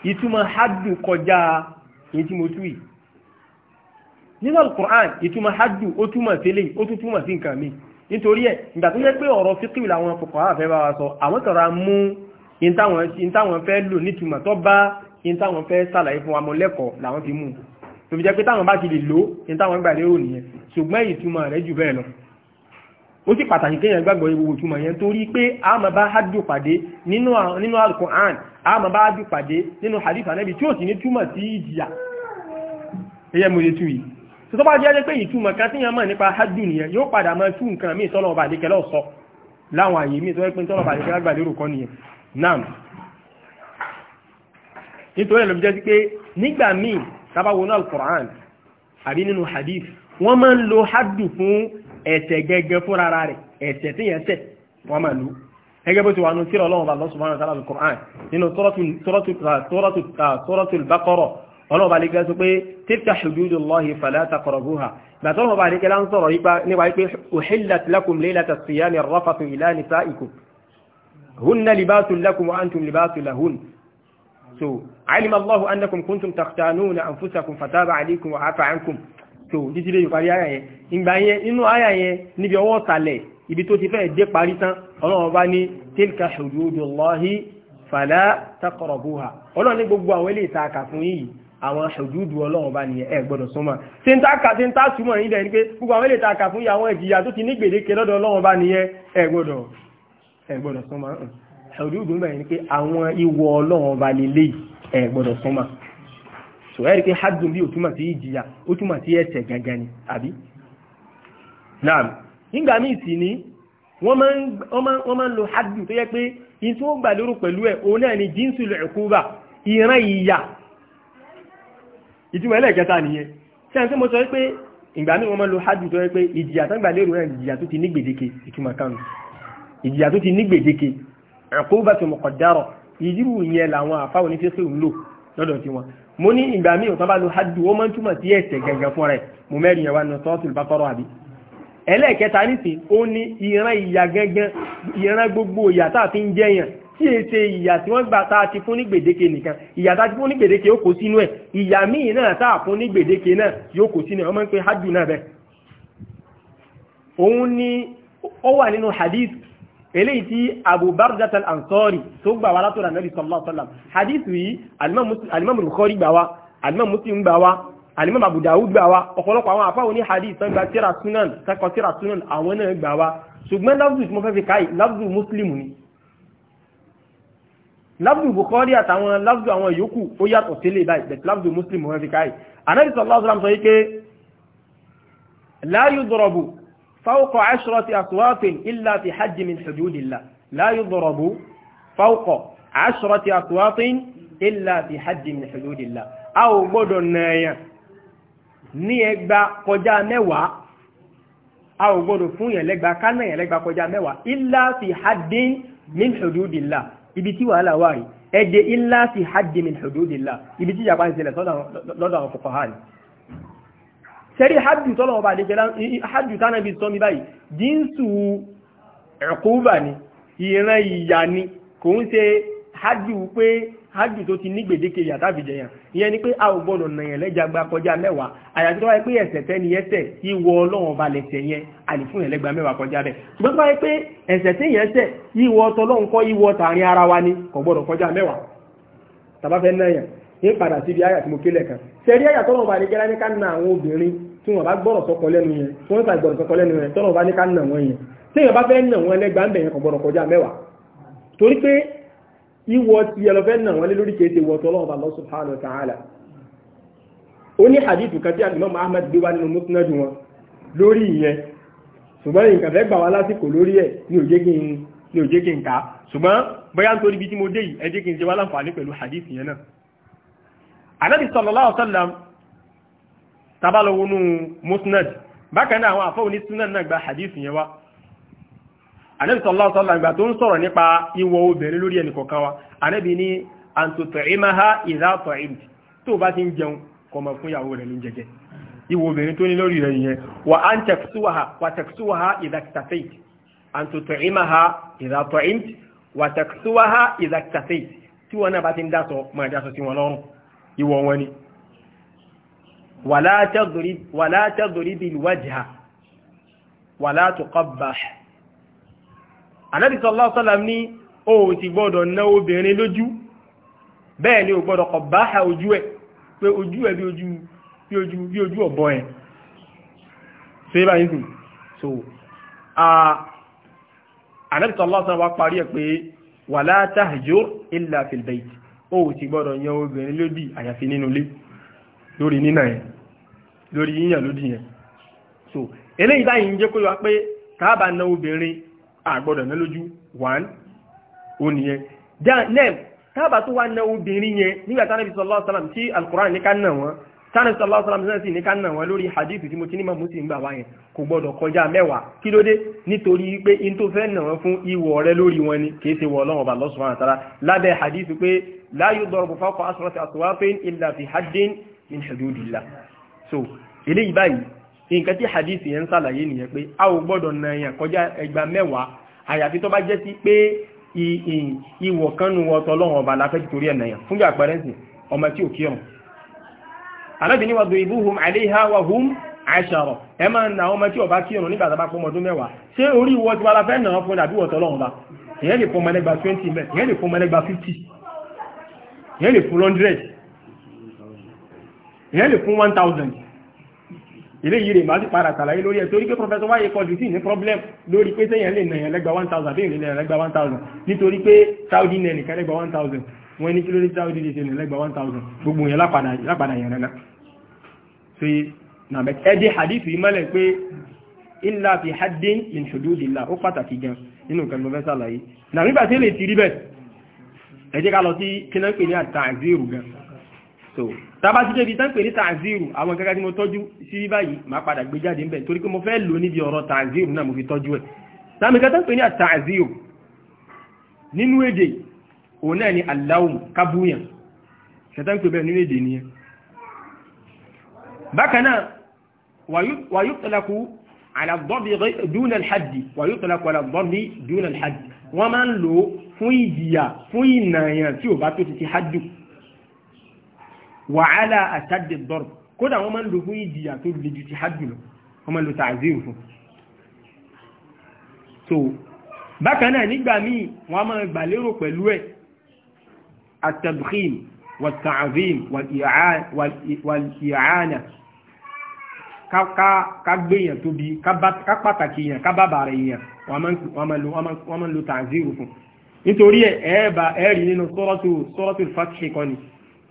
ìtumọ̀ haddu kọjá èyí nínú al ìtumọ̀ haddu ó túmọ̀ sílé ó tún túmọ̀ sí nǹkan mi nítorí ẹ̀ ìgbà tó yẹ pé ọ̀rọ̀ fíkì làwọn fòkàn àfẹ́ bá wa sọ àwọn tọ̀ra mú ìntàwọn fẹ́ lò nítumọ̀ tó bá ìntàwọn fẹ́ sàlàyé fún amọ̀ lẹ́kọ̀ọ́ làwọn fi mú tó fi jẹ́ pé táwọn bá ti lè lò ìntàwọn gbà lérò nìyẹn ṣùgbọ́n ìtumọ̀ rẹ̀ jù bẹ́ẹ̀ lọ ó sì pàtàkì kéèyàn gbàgbọ́ ìwòwò ìtumọ̀ yẹn torí pé a máa bá hádùn pàdé nínú Al-Qur'an a máa bá hádùn pàdé nínú hadith Ànábì tí ó sì ní túmọ̀ sí ìjìyà ẹyẹ mo lè tú yìí tó tó bá jẹ́ pé ìtumọ̀ kan tí yẹn mọ̀ nípa hádùn nìyẹn yóò padà máa tú nǹkan míì tọ́lọ̀ ọba àdékẹ́lọ́ sọ láwọn àyè míì tó ọba àdékẹ́lá gbà kọ́ nìyẹn nam nítorí ẹ̀ ló jẹ́ sí pé nígbà míì sábàwọn náà Qur'an àbí nínú hadith wọ́n máa ń lo haddu fún ẹ̀ṣẹ̀ gẹ́gẹ́ fún rárá rẹ̀ ẹ̀ṣẹ̀ tí yẹn ṣẹ̀ wọ́n máa lò gẹ́gẹ́ bó ti wà nù tírà ọlọ́run bá lọ́sùn fún àwọn Qur'an nínú suratul Baqara ọlọ́run hunna libasun lakum wa antum libasun lahun so alima allahu annakum kuntum takhtanuna anfusakum fataba alaykum wa afa ankum so títí lè parí àyà yẹn ìgbà yẹn inú àyà yẹn níbi ọwọ́ sàlẹ̀ ibi tó ti fẹ́ dé parí tán ọlọ́run bá ní tilka hududullahi fala taqrabuha ọlọ́run ní gbogbo àwọn eléyìí tá a kà fún yìí àwọn ṣòjúdù ọlọ́run bá nìyẹn ẹ gbọ́dọ̀ súnmọ́ tí ń tàkà tí ń tà súnmọ́ nílẹ̀ ni pé gbogbo àwọn eléyìí tá a kà fún yìí àwọn ìjìyà tó ti ní gbèdéke lọ́dọ̀ ọlọ́run bá nìyẹn ẹ gbọ́dọ̀ ẹ gbọ́dọ̀ súnmọ́ ṣàdúgbò mẹ́rin ni pé àwọn ìwọ ọlọ́run ọba lélẹ̀ ẹ gbọ́dọ̀ súnmọ́ sọ ẹ́ rí pé hajjum bí ó túmọ̀ sí ìjìyà ó túmọ̀ sí ẹ̀ṣẹ̀ gangan ni àbí náà nígbà míì sì ni wọ́n máa ń lo hajjum tó yẹ pé in tí ó gbà lóru pẹ̀lú ẹ̀ òun náà ni jíǹsù lẹ́ẹ̀kúbà ìran ìyà ìtumọ̀ ẹlẹ́ẹ̀kẹta nìyẹn tí a ń tí mo sọ pé ìgbà míì wọ́n máa lo hajjum tó yẹ pé ìjìyà tó gbà lérò ẹ̀ ìjìyà tó ti ní gbèdéke ìtumọ̀ kanu ìjìyà tó ti ní gbèdéke àkóbàtò mọ̀kọ̀dárọ̀ ìdírù yẹn làwọn àfáwọn oníṣẹ́sẹ́ ń lò lọ́dọ̀ tí wọn mo ní ìgbà míì ọ̀tán bá lo hadu ó máa ń túmọ̀ sí ẹ̀ṣẹ̀ gẹ̀gẹ̀ fún rẹ̀ mo mẹ́rin yẹn wá nù sọ́ọ̀tù bá tọrọ àbí ẹlẹ́ẹ̀kẹta nísìn ó ní ìran ìyà gẹ́gẹ́ ìran gbogbo ìyà tá a fi ń jẹyàn tí e ṣe ìyà tí wọ́n gbà tá a ti fún ní gbèdéke nìkan ìyà tá a ti fún ní gbèdéke ó kó sínú ẹ̀ ìyà míì náà tá a fún ní gbèdéke náà yóò kó sínú ẹ̀ wọ́n máa ń pe hadu náà bẹ́ẹ̀ òun ni ó wà nínú hadith eléyìí tí abu bardat al-ansari tó gbà wá látọ̀dọ̀ anabi sallallahu alayhi wa sallam hadith yìí alimami bukhari gbà wá alimami muslim gbà wá alimami abu dawud gbà wá ọ̀pọ̀lọpọ̀ àwọn afáwọn ní hadith tó gba tíra sunan sẹ́kọ̀ tíra sunan àwọn náà gbà wá ṣùgbọ́n lafzu tí mo fẹ́ fi káyì lafzu muslim ni lafzu bukhari àtàwọn lafzu àwọn yòókù ó yàtọ̀ sílẹ̀ báyìí bẹ̀t lafzu muslim mo fẹ́ fi káyì anabi sallallahu alayhi sọ فوق عشرة أصوات إلا في حج من حدود الله لا يضرب فوق عشرة أصوات إلا في حج من حدود الله أو بدنايا ní ẹgbà kọjá mẹ́wàá a ò gbọ́dọ̀ fún yẹn lẹ́gbà kánà yẹn lẹ́gbà kọjá mẹ́wàá illa fi haddin min hududillah ibi tí wàhálà wà rí ẹdẹ illa fi haddin min hududillah ibi tí ìjàpá ń ṣẹlẹ̀ lọ́dọ̀ àwọn fuqaha ni sẹ́rí hajjù tọ́lọ̀ ọba àdékẹ́lá hajjù tánàbí sọmi báyìí jínsù ẹ̀kúbà ni ìran ìyà ni kò ń hajjù pé hajjù tó ti ní gbèdéke ìyẹn ni pé a ò gbọ́dọ̀ nàyàn lẹ́jà gba kọjá mẹ́wàá àyàfi tó wáyé pé ẹ̀ṣẹ̀ tẹ́ni ẹ̀ṣẹ̀ ọlọ́run ọba yẹn àlìfún yẹn lẹ́gba mẹ́wàá kọjá ṣùgbọ́n tó wáyé pé ọtọlọ́run kọ́ ni kò gbọ́dọ̀ kọjá mẹ́wàá tàbá fẹ́ náyàn padà síbi àyà tí kan àyà tọ́lọ́run ọba tí wọ́n bá gbọ́rọ̀ sọ́kọ lẹ́nu yẹn tí wọ́n ta ìgbọ̀rọ̀ sọ́kọ lẹ́nu yẹn tọ́lọ̀ bá ní ká nà wọ́n yẹn tí èèyàn bá fẹ́ nà wọ́n ẹlẹ́gbàá ń bẹ̀ yẹn kò gbọ́dọ̀ kọjá mẹ́wàá torí pé ìwọ ti ẹ lọ fẹ́ nà wọ́n lé lórí kèése wọ tọ́lọ́ ọba lọ́sùn subhanahu wa ta'ala ó ní hadith kan tí alimam gbé wá nínú wọn lórí ìyẹn ṣùgbọ́n nǹkan fẹ́ gbà wá lásìkò lórí ẹ̀ ní òjé kí n ní òjé kí n ṣùgbọ́n bóyá tabalowonu musnad bákan náà àwọn àfọwò ní sunan náà gba hadith yẹn wa anabi sallallahu alaihi wasallam ìgbà tó ń sọ̀rọ̀ nípa ìwọ obìnrin lórí ẹnì kọ̀ọ̀kan wa anabi ní antut'imaha idha ta'im tó bá ti ń jẹun kó máa fún ìyàwó rẹ̀ ní jẹjẹ ìwọ obìnrin tó ní lórí rẹ̀ yẹn wa an taksuha wa taksuha idha iktafayt antut'imaha tí wọn náà bá ti ń dásọ máa dásọ sí wọn lọ́rùn ìwọ wọn ni wàlá tẹ́gùrìbì wájá wàlá tukọ́bà anábì sallallahu alaihi wasallam ní o ti gbọ́dọ̀ ná obìnrin lójú bẹ́ẹ̀ ni o gbọ́dọ̀ kọ̀bá ojú ẹ̀ pé ojú ẹ̀ bí ojú bí ojú bí ojú ọ̀bọ ẹ̀ so yíba yìí so anábì sallallahu alaihi wasallam wá parí ẹ̀ pé wàlá tahjur illa fil bayt o ti gbọ́dọ̀ yan obìnrin lójú àyàfi nínú lórí nínà ẹ̀ lórí yíyàn lódì yẹn so eléyìí báyìí ń jẹ́ kó wá pé káàbà na obìnrin àgbọ̀dọ̀ ná lójú one ó nìyẹn then káàbà tó wá na obìnrin yẹn nígbà tánàbí sallallahu alaihi wasallam tí alukuran ní ká nà wọ́n tánàbí sallallahu alaihi wasallam sí ní ká nà wọ́n lórí hadith tí mo ti ní mamu sí ń gbà wá yẹn kò gbọ́dọ̀ kọjá mẹ́wàá kí ló dé nítorí pé in tó fẹ́ nà wọ́n fún ìwọ̀ rẹ lórí wọn ni kì í ṣe wọ ọlọ́run Allah subhanahu so eléyìí báyìí nǹkan tí hadith yẹn ń sàlàyé nìyẹn pé a ò gbọ́dọ̀ na èèyàn kọjá ẹgbà mẹ́wàá àyàfi tó bá jẹ́ sí pé ìwọ̀ kanu ọ̀tọ̀ ọlọ́run ọba la fẹ́ torí ẹ̀ nàyàn fúnjà pẹrẹsì ọmọ tí ò kírun alábìíní wa duibuhum alayha wa hum àṣàrọ̀ ẹ máa na ọmọ tí ọba kírun nígbà tó bá pọ́ ọmọdún mẹ́wàá ṣé orí ìwọ tí wàá la fẹ́ nà án twenty mẹ́ ìyẹn lè fún fifty ìyẹn lè hundred ìyẹn lè one thousand ilé yìí rè máa ti padà tàlàyé lórí ẹ̀ torí pé professor wáyé kọjú sí ní problem lórí pé sẹ́yìn lè nà yẹn lẹ́gba one thousand àbẹ́yìn lè lẹ́gba one thousand nítorí pé saudi nẹ̀ nìkan lẹ́gba one thousand wọ́n ní kí ló dé saudi lè ṣe nì lẹ́gba one thousand gbogbo yẹn lápadà yẹn lẹ́la. so na bẹ ẹ dé hadith yìí mọ́lẹ̀ pé illa fi haddin min hududillah ó pàtàkì gan nínú nǹkan lọ́fẹ́ sàlàyé na nígbà tí lè ti rí bẹ́ẹ̀ ẹ jẹ́ ká lọ sí kí náà pè ní àtàzírù gan so tába ti débi tán pè ní tàzírù àwọn kankan tí mo tọ́jú sí báyìí máa padà gbé jáde ńbẹ̀ torí pé mo fẹ́ lò níbi ọ̀rọ̀ tàzírù náà mo fi tọ́jú ẹ̀ táàmì kan tán pè ní àtàzírù nínú èdè òun náà ni aláwùn kábúyàn ṣẹ̀tàn pè bẹ́ẹ̀ nínú èdè nìyẹn bákan náà wa yutlaqu ala ad-darbi duna al-hadd wa yutlaqu wọ́n máa ń lò fún ìjìyà fún ìnàyàn tí ò bá tó ti ti hajjù wàhálà àṣàdé dọ́rọ̀ kódà wọ́n máa ń lò fún ìjìyà tó le ti hajj wọ́n máa ń lò fún so bákan náà nígbà míì wọ́n máa gbà lérò pẹ̀lú ẹ̀ àtàbíkìm wàtààzím wàlìyàánà ká gbéyàn tóbi ká pàtàkì èèyàn ká bàbà rẹ̀ èèyàn wọ́n máa ń lò tààzírù fún nítorí ẹ̀ ẹ̀ẹ́bà ẹ̀rí nínú sọ́rọ́tù sọ́rọ́tù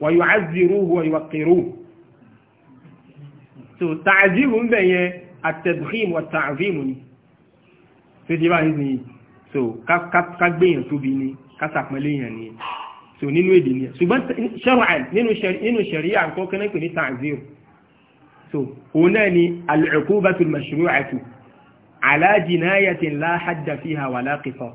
ويعذروه ويوقروه تعذيب بين التضخيم والتعظيم في ديباه ني سو كاف كاف كاغبين توبيني كاساك مالي ني سو نينو ديني سو بان شرعا نينو شرع نينو شريعه كو كنا كني تعذيب سو هنا ني العقوبه المشروعه على جنايه لا حد فيها ولا قصاص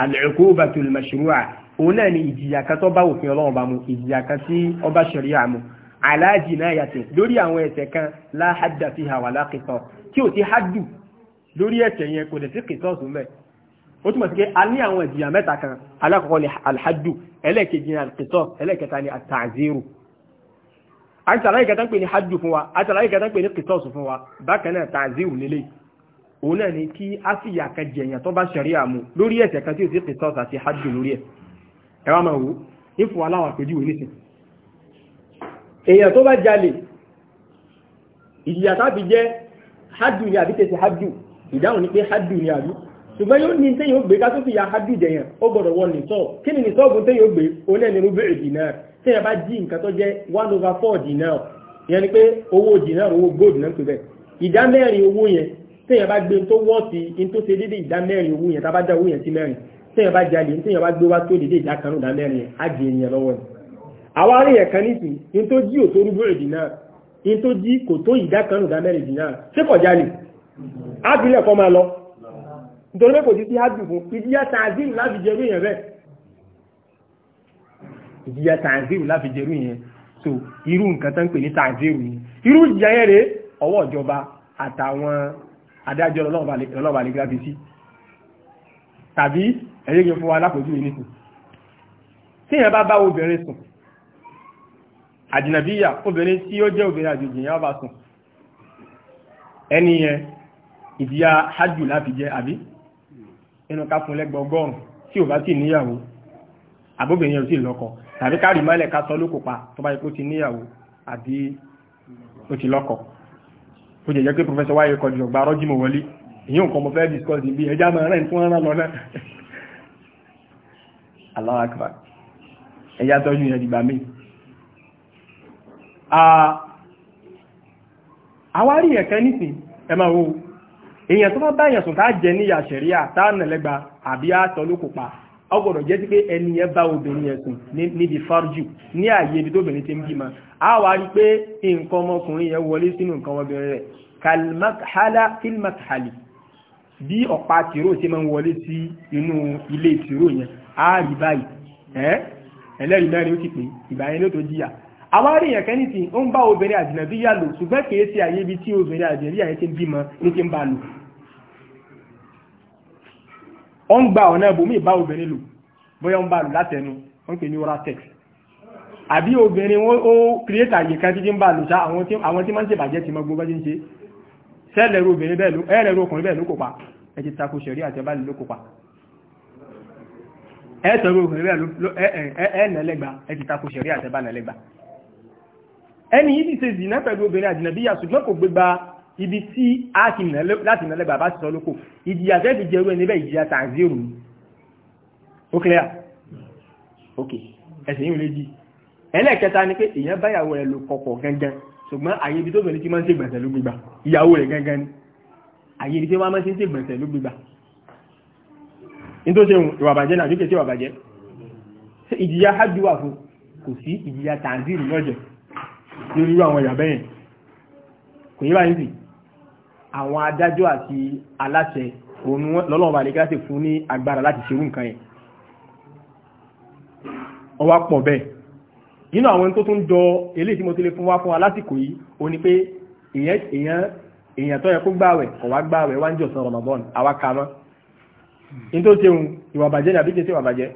العقوبه المشروعه òun náà ni ìjìyà kan tó bá òfin ọlọ́run bá mu ìjìyà kan tí ó bá ṣẹ̀ríà mu aláàjì náà yàtẹ̀ lórí àwọn ẹ̀ṣẹ̀ kan láhàdà fi hàn wà lákìtọ̀ tí ò ti hádù lórí ẹ̀ṣẹ̀ yẹn kò dẹ̀ sí kìtọ́ sùn mẹ́ ó túmọ̀ sí pé a ní àwọn ìjìyà mẹ́ta kan alákọ̀ọ́kọ́ ni alhadu ẹlẹ́ẹ̀kejì ni alkìtọ́ ẹlẹ́ẹ̀kẹta ni àtàzírù àtàláyé kẹta ń pè ní hadu fún wa àtàláyé kẹta ń pè ní kìtọ́sù fún wa bákan náà tàzírù nílé òun náà ni kí á sì yà kan jẹ̀yàn tó bá ṣẹ̀ríà mu lórí ẹ̀ṣẹ̀ kan tí ò sí kìtọ́sù àti hadu lórí ẹ̀ ẹwà máa wò ìfò aláwọ̀ àpèjúwe nísìn èèyàn tó bá jalè ìjìyà tàbí jẹ́ hajjù ni àbí tẹ̀sí hajjù ìdáhùn ni pé hajjù ni àbí ṣùgbọ́n yóò ní tẹ́yìn ó gbé ká tó fi ya hajjù jẹyàn ó gbọ́dọ̀ wọ nìtọ́ kí ni nìtọ́ ogun tẹ́yìn ó gbé oní ẹni rúbẹ̀ ìdìnà tẹ́yìn bá jí one over four dìnà ìyẹn ni pé owó dìnà owó gold náà pè bẹ́ẹ̀ ìdá mẹ́rin owó yẹn tẹ́yìn bá gbé tó wọ́ọ̀tì ní tó ṣe déédéé ìdá owó yẹn tá owó yẹn sí mẹ́rin téèyàn bá jalè téèyàn bá gbé wá tó dédé ìdá kan ìdá mẹ́rin á di ènìyàn lọ́wọ́ ni àwọn aríyàn kan nìsín ní tó jí òtó rúgbó èdè náà ní tó jí kò tó ìdá kan ìdá mẹ́rin èdè náà ṣé kò jalè ábílẹ̀ kọ́ máa lọ nítorí pé kò sí sí ábì fún ìdíyà tààzírù láfi jẹrú yẹn bẹ́ẹ̀ ìdíyà tààzírù láfi jẹrú yẹn so irú nǹkan tán pè ní tààzírù yẹn irú ìjìyà yẹn rèé ọwọ́ ìjọba àtàwọn adájọ́ ọlọ́ọ̀bà lè gbáfi sí tàbí ẹ̀yẹ́gẹ́ fún wa lápòjú ìníkù tí èèyàn bá bá obìnrin sùn àjìnàbíyà obìnrin tí ó jẹ́ obìnrin àjòjì yẹn bá sùn ẹni yẹn ìdíyà hajjù láti jẹ àbí inú ká fún lẹ́gbọ̀ ọgọ́rùn tí ò bá sì níyàwó àbóbìnrin ò sì lọ́kọ tàbí ká rí mọ́lẹ̀ ká sọ lóko pa tó bá yẹ kó ti níyàwó àbí ó ti lọ́kọ ó jẹ́ jẹ́ pé pòfẹ́sọ̀ ìyún kan mo fẹ́ discuss níbi ẹjá máa rẹ̀ fún ọ̀rán lọ́nà Allahu Akbar ẹjá tọ́jú yẹn dìgbà mí àwárí ẹ̀kẹ́ nìsìn ẹ máa wo èèyàn tó bá bá èèyàn sùn tá jẹ níyà ṣẹ̀ríà tá nàlẹ́gba àbí àtọ́ ló kò pa ọgbọ̀dọ̀ jẹ́ sí pé ẹni yẹn bá obìnrin yẹn sùn níbi farju ní ààyè ibi tóbìnrin ti ń bímọ àwárí pé nǹkan ọmọkùnrin yẹn wọlé sínú nǹkan ọmọbìnrin rẹ̀ kalmakhala filmakhali bí ọ̀pá tìró ṣe máa ń wọlé sí inú ilé tìró yẹn á rí báyìí ẹ́ ẹlẹ́rìí náà ni ó ti pè ìgbà yẹn ló tó jìyà àwọn aríyàn kan ní ti ó ń bá obìnrin àjìnàbí yà lò ṣùgbọ́n kìí ṣe àyè ibi tí obìnrin àjìnàbí yà yẹn ti ń bímọ ní ti ń bá lò ó ń gba ọ̀nà ìbòmí ìbá obìnrin lò bóyá ń bá lò látẹnu ó ń pè ní oratex àbí obìnrin ó kírẹ́tà yìí kan títí ń bá lò sá àwọn tí máa ń ṣèbàjẹ́ ti mọ gbogbo bá ti ń ṣe tẹ́lẹ̀rú obìnrin bẹ́ẹ̀ ló ẹ̀rẹ̀rú ọkùnrin bẹ́ẹ̀ ló kópa ẹ ti tako ṣẹ̀rí àti ẹbá ló kópa ẹ̀ẹ́tọ̀rú obìnrin bẹ́ẹ̀ ló ẹ̀ẹ́nẹ̀lẹ́gba ẹ ti tako ṣẹ̀rí àti ẹbá nẹ̀lẹ́gba ẹni yìí ti ṣe zìnà pẹ̀lú obìnrin a ti láti nẹ̀lẹ́gba bá ti sọ lóko ìjìyà fẹ́ fi jẹrú ẹni bẹ́ẹ̀ ìjìyà tàǹzírù di ẹlẹ́ẹ̀kẹta ni pé èèyàn báyàwó ẹ̀ lò kọ̀kọ̀ ṣùgbọ́n àyè ibi tó bẹ̀rẹ̀ tí máa ń ṣe gbẹ̀sẹ̀ ló gbígbà ìyàwó rẹ̀ gangan ni àyè ibi tí wọ́n máa ń ṣe gbẹ̀sẹ̀ ló gbígbà nítorí ṣeun ìwà bàjẹ́ náà jókè sí ìwà bàjẹ́ ìjìyà hajj wà fún kò sí ìjìyà tàǹdìrì lọ́jẹ̀ lórí irú àwọn ìyàbẹ́ yẹn kò yí báyìí sì àwọn adájọ́ àti aláṣẹ òun lọ́lọ́wọ́ bá lè kíláṣẹ fún ní agbára láti ṣerú nǹkan yẹn ọwọ́ pọ̀ bẹ́ẹ̀ nínú àwọn tó tún jọ eléyìí tí mo ti lè fún wá fún wa yìí ó ní pé èèyàn gbaa tó yẹ kó gbààwẹ̀ kò gbààwẹ̀ wá ń jọ̀sán Ramadan àwa mọ́ ní tó ṣeun ìwà bàjẹ́ ni àbí kí ìwà bàjẹ́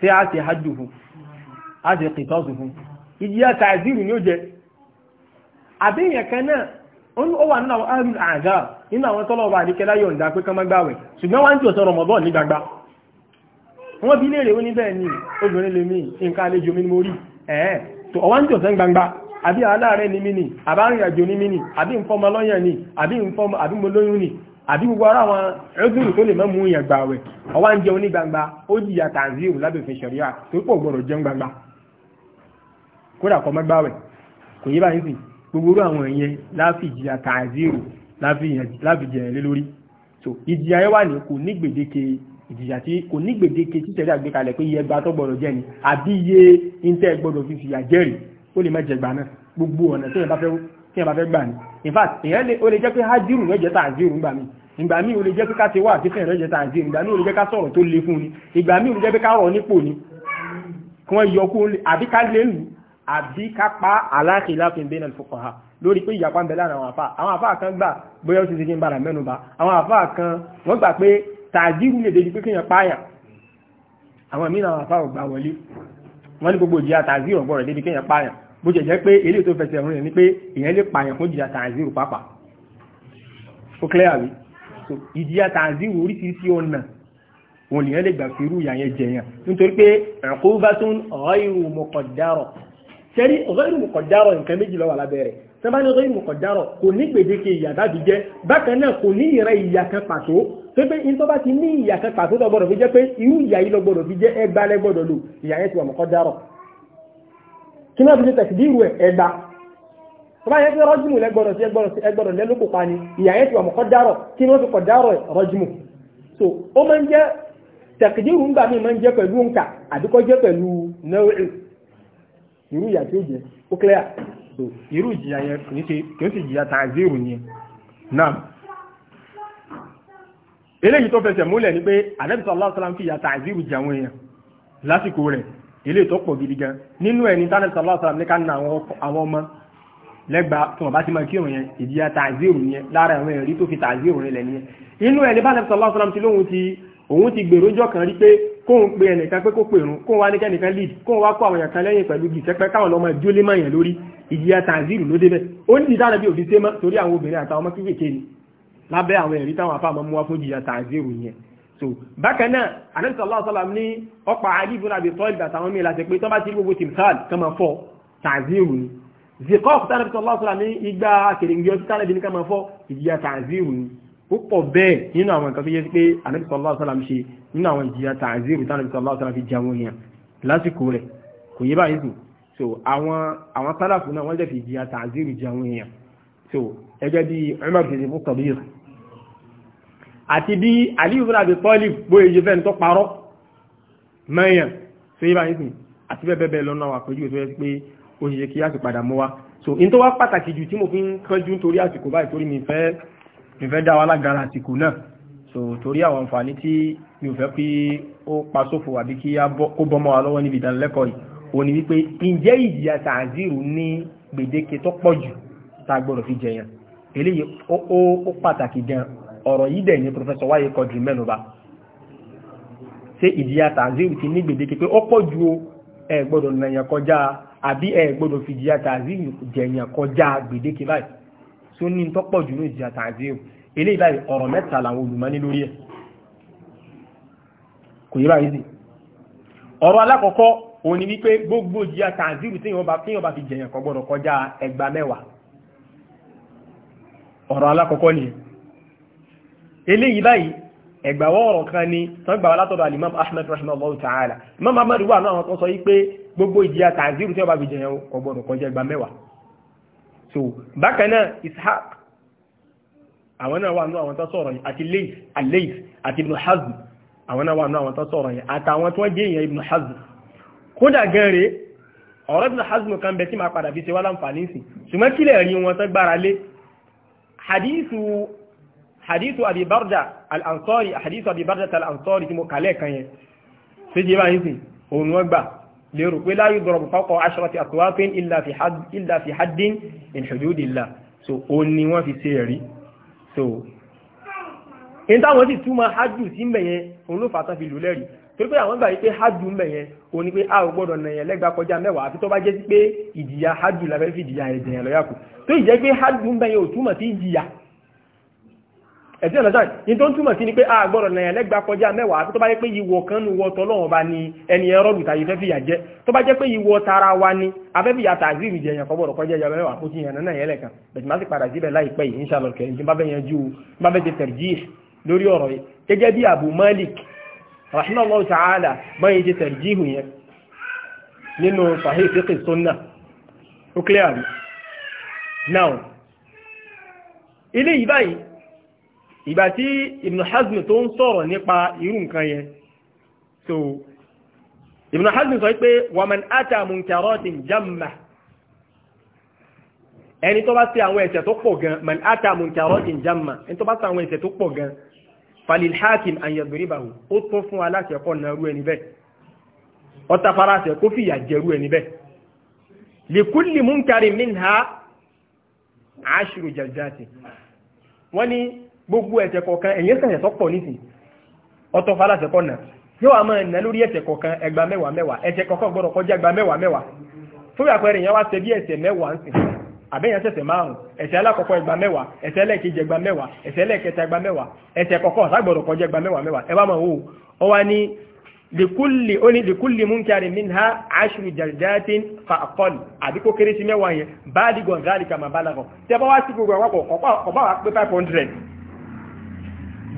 tí a ṣe hajj fún a ṣe kìtọ́sù fún ìjìyà tàìzírù ni ó jẹ àbí kan náà ó wà nínú àwọn àrùn àgá nínú àwọn wọ́n bí léèrè wọ́n níbẹ̀ ni obìnrin lè mí nǹkan àlejò mi ni mo rí ẹ̀ẹ́ tó ọwá ń jọ̀sán gbangba àbí aláàrẹ ni mí ni àbárìn àjò ni mí ni àbí nfọmọ lọ́yàn ni àbí nfọmọ àbí mo lóyún ni àbí gbogbo ara àwọn ẹgbẹ̀rù tó lè mọ́mú yẹn gbà wẹ̀ ọwá ń jẹun ní gbangba ó jìyà tàǹzíù lábẹ́fẹ́ ṣẹ̀ríà tó pọ̀ gbọ́dọ̀ jẹun gbangba kódà kọ́ mọ́gbà wẹ̀ kò yé ìjìyà tí kò ní gbèdéke tí tẹ̀lé àgbékalẹ̀ pé iye ẹgbàá tó gbọ́dọ̀ jẹ́ ni àbí iye intẹ́ gbọ́dọ̀ fi fìyà jẹ́rìí ó lè má jẹ̀gbà náà gbogbo ọ̀nà tí èèyàn bá fẹ́ gbà ní in fact èèyàn ó lè jẹ́ pé hájírù rẹ̀ jẹ́ tààjírù ńgbà míì ìgbà míì ó lè jẹ́ pé ká ti wà àti fẹ́rẹ̀ jẹ́ tààjírù ìgbà míì ó lè jẹ́ ká sọ̀rọ̀ tó le fún ni ìgbà míì ó lè jẹ́ pé ká rọ̀ nípò ni kí wọ́n yọ kó àbí ká lé àbí ká pa aláàkè láfin bẹ́ẹ̀ náà fọkàn ha lórí pé ìyapa ń bẹ lára àwọn àfa àwọn àfa kan gbà bóyá ó ti ṣe kí n bára mẹ́nu bà àwọn àfa kan wọ́n gbà pé tàdírù lè débi pé kéèyàn pààyàn àwọn mìíràn àwọn afáwọ̀ gbà wọlé wọ́n ní gbogbo ìjìyà tàdírù ọ̀gbọ́n rẹ̀ débi kéèyàn pààyàn bó jẹ́ jẹ́ pé eléyìí tó fẹsẹ̀ rìn ní pé èèyàn lè pààyàn fún ìjìyà tàdírù pápá ó clear wí ìjìyà tàdírù oríṣiríṣi ọ̀nà òun lèèyàn lè gbà fi irú ìyà yẹn jẹyàn nítorí pé uqubatun ghayru muqaddara sẹ́rí ghayru muqaddara nǹkan méjì ló kò ní gbèdéke ìyà tàbí bákan náà kò ní ìrẹ́ ìyà kan pàtó tó pé in tó bá ti ní ìyà kan pàtó tó gbọdọ̀ fi jẹ́ pé irú ìyà yìí lọ gbọdọ̀ fi jẹ́ ẹgbà lẹ gbọdọ̀ lò ìyà yẹn ti wà mọ̀kọ́ dárọ̀ kí náà fi ṣe tẹ̀sí dírú ẹ̀ ẹgbà tó bá yẹ pé rọ́jùmù lẹ gbọdọ̀ sí ẹgbọdọ̀ lẹ́nu kópa ni ìyà yẹn ti wà mọ̀kọ́ dárọ̀ kí ni wọ́n fi kọ̀ dárọ̀ rọ́jùmù so ó máa ń jẹ́ tẹ̀kìdírù ńgbà mi máa ń jẹ́ pẹ̀lú nǹka àdúkọ́ jẹ́ pẹ̀lú náírà irú ìyà tí ó jẹ́ ó clear so irú ìjìyà yẹn kì í ṣe kì í ṣe ìjìyà tàzírù yẹn náà eléyìí tó fẹsẹ̀ múlẹ̀ ni pé ànábì sallallahu alaihi wasallam fi ìyà tààzírù jẹ àwọn èèyàn lásìkò rẹ̀ eléyìí tó pọ̀ gidi gan nínú ẹni tí ànábì sallallahu alaihi wasallam ní ká na àwọn ọmọ lẹ́gbàá tí wọ́n bá ti máa kírun yẹn ìdíyà tààzírù yẹn lára àwọn ẹ̀rí tó fi tààzírù rẹ̀ lẹ́ni yẹn inú ẹni bá ànábì sallallahu alaihi wasallam ti lóhun ti òun ti gbèrò jọ kan rí pé kóun pe ẹnìkan pé kó pèrún kóun wá nìkẹ́nìkan lead kóun wá ni lábẹ́ àwọn ẹ̀rí táwọn afáàmọ́ mú wá fún jìyà tààzírù yẹn so bákan náà Ànábì sallallahu alaihi wasallam ní ọ̀pá Ali ibn Abi Talib àtàwọn míì láti pé tó bá ti gbogbo tìmtàl tó máa fọ́ tààzírù ni zikọ́ọ̀kù tánàbí sallallahu alaihi wasallam ní igba akèrèǹgbé ọtí tánàbí ní ká máa fọ́ ìjìyà tààzírù ni ó pọ̀ bẹ́ẹ̀ nínú àwọn nǹkan tó yẹ pé Ànábì sallallahu alaihi wasallam ṣe nínú àwọn ìjìyà tààzírù tánàbí sallallahu alaihi wasallam fi jẹun yẹn so àwọn àwọn sálàfù náà wọ́n jẹ́ ẹgẹ́ bí Umar bin Khattab àti bí Aliyu bin Abi Talib bóyá iye fẹ́ni tó parọ́ mẹ́yàn tó yé báyìí sìn àti bẹ́ẹ̀ bẹ́ẹ̀ lọ́nà àwọn àpèjúwe tó pé ó ṣe kí láti padà mọ́ wa so in tó wá pàtàkì jù tí mo fi ń kánjú torí àsìkò báyìí torí mi fẹ́ mi wa lágara àsìkò náà so torí àwọn àǹfààní tí mi ò fẹ́ kí ó pa sófò àbí kí ó bọ́mọ́ wa lọ́wọ́ níbi ìdánilẹ́kọ̀ọ́ yìí òun ni wípé ǹjẹ́ ìjìyà tààzírù ní gbèdéke tó pọ̀ jù tá a gbọ́dọ̀ fi jẹyàn eléyìí ó pàtàkì gan ọ̀rọ̀ yìí dẹ̀ ní Professor Wáyé Quadri mẹ́nuba ṣé ìjìyà tàzíù ti ní gbèdéke pé ó pọ̀ ju ẹ gbọ́dọ̀ nàyàn kọjá àbí ẹ gbọ́dọ̀ fi ìjìyà tàzíù jẹ̀yàn kọjá gbèdéke báyìí tó ní tọ́pọ̀ jù ní ìjìyà tàzíù eléyìí báyìí ọ̀rọ̀ mẹ́ta làwọn olùmọ́ni lórí ẹ̀ kò yí báyìí sì ọ̀rọ̀ alákọ̀ọ́kọ́ òun ni wípé gbogbo ìjìyà tàzíù tí wọ́n bá ọ̀rọ̀ alákọ̀ọ́kọ́ nìyẹn eléyìí báyìí ẹgbàwọ́ ọ̀rọ̀ kan ni tán gbà wá látọ̀dọ̀ alimam ahmed rahimahullah ta'ala imam ahmed wà náà àwọn kan sọ yí pé gbogbo ìjìyà tàzírù tí wọ́n bá fi jẹyàn ọgbọ̀nù kọjá ẹgbà mẹ́wàá so bákan náà ishaq àwọn náà wà nú àwọn tó sọ̀rọ̀ yìí àti leif aleif àti ibn hazm àwọn náà wà nú àwọn tó sọ̀rọ̀ yìí àtàwọn tó jẹ́ èèyàn ibn hazm kódà gan re ọ̀rọ̀ ibn hazm kan bẹ tí máa padà fi ṣe wá láǹfààní sí ṣùgbọ́n kílẹ̀ rí wọn tán gbára lé hadithu hadithu abi barda al-ansari hadithu abi barda al-ansari tí mo kale kan yẹn ṣe je ba yin ohun wọ́n gbà lè rò pé la yudrabu fawqa ashrati atwafin illa fi hadd illa fi haddin in hududillah so oni wọ́n fi ṣe rí so in ta wọ́n sì túmọ̀ hajju sí nbe yẹn ohun ló fata fi lu leri torí pé àwọn gbà yí pé hajju nbe yẹn oni pé a ò gbọ́dọ̀ na yẹn legba kọjá mẹ́wàá àfi tó bá jẹ́ sí pé ìjìyà hajju la fẹ́ fi ìjìyà ejeyan lo yaku tó jẹ́ pé hajju nbe yẹn ò túmọ̀ sí ìjìyà ẹ̀sìn ọ̀nàṣà ní tó ń túmọ̀ sí ni pé àgbọ̀rọ̀ nàìyàn lẹ́gbàá kọjá mẹ́wàá tó bá jẹ́ pé ìwọ kan nu wọ tọ́lọ́wọ́n bá ní ẹni ẹ̀rọ lùtà yìí fẹ́ fìyà jẹ tó bá jẹ́ pé ìwọ tara wa ni afẹ́fìyà tàzírì jẹ yẹn kọ́bọ̀rọ̀ kọjá yà mẹ́wàá kó ti yàn náà yẹn lẹ́kan bẹ̀tì má sì padà síbẹ̀ láìpẹ́ yìí inshallah kẹrin tí bá fẹ́ yanjú bá fẹ́ ṣe tarjih lórí ọ̀rọ̀ yìí gẹ́gẹ́ bí Abu Malik rahimahullah ta'ala báyìí ṣe tarjih yẹn nínú sahih fiqh sunnah ó clear now ilé yìí báyìí ìgbà tí Ibn Hazm tó ń sọ̀rọ̀ nípa irú nǹkan yẹn so Ibn Hazm sọ pé waman ata munkaratin jamma ẹni tó bá sí àwọn ẹ̀ṣẹ̀ tó pọ̀ gan man ata munkaratin jamma ẹni tó bá sí àwọn ẹ̀ṣẹ̀ tó pọ̀ gan falil hakim an yadribahu ó tó fún aláṣẹ kọ́ nàrú wọ́n ní gbogbo ẹ̀ṣẹ̀ kọ̀ọ̀kan ẹ̀yẹ́ sẹ̀yẹ̀ sọ́pọ̀ nísìn ọtọ́ faláṣẹ kọ́ nà yóò àmọ́ ẹ̀nà lórí ẹ̀ṣẹ̀ kọ̀ọ̀kan ẹgbà mẹ́wàá mẹ́wàá ẹ̀ṣẹ̀ kọ̀ọ̀kan gbọ́dọ̀ kọjá ẹgbà mẹ́wàá mẹ́wàá fún àpẹẹrẹ ìyẹn wá ṣe bí ẹ̀ṣẹ̀ mẹ́wàá ń sìn àbẹ́yẹn ṣẹ̀ṣẹ̀ márùn ẹ̀ṣẹ̀ alákọ̀ọ́kọ́ ẹgbà mẹ́wàá ẹ̀ṣẹ̀ oni likulli munkari minha ashru jaldatin fa aqall àbí kó kéré sí mẹ́wàá yẹn bá dìgọ̀ zálìkà mà bá làgọ̀ tẹ́ bá wá sí gbogbo àpapọ̀ ọ̀pá wá pé five hundred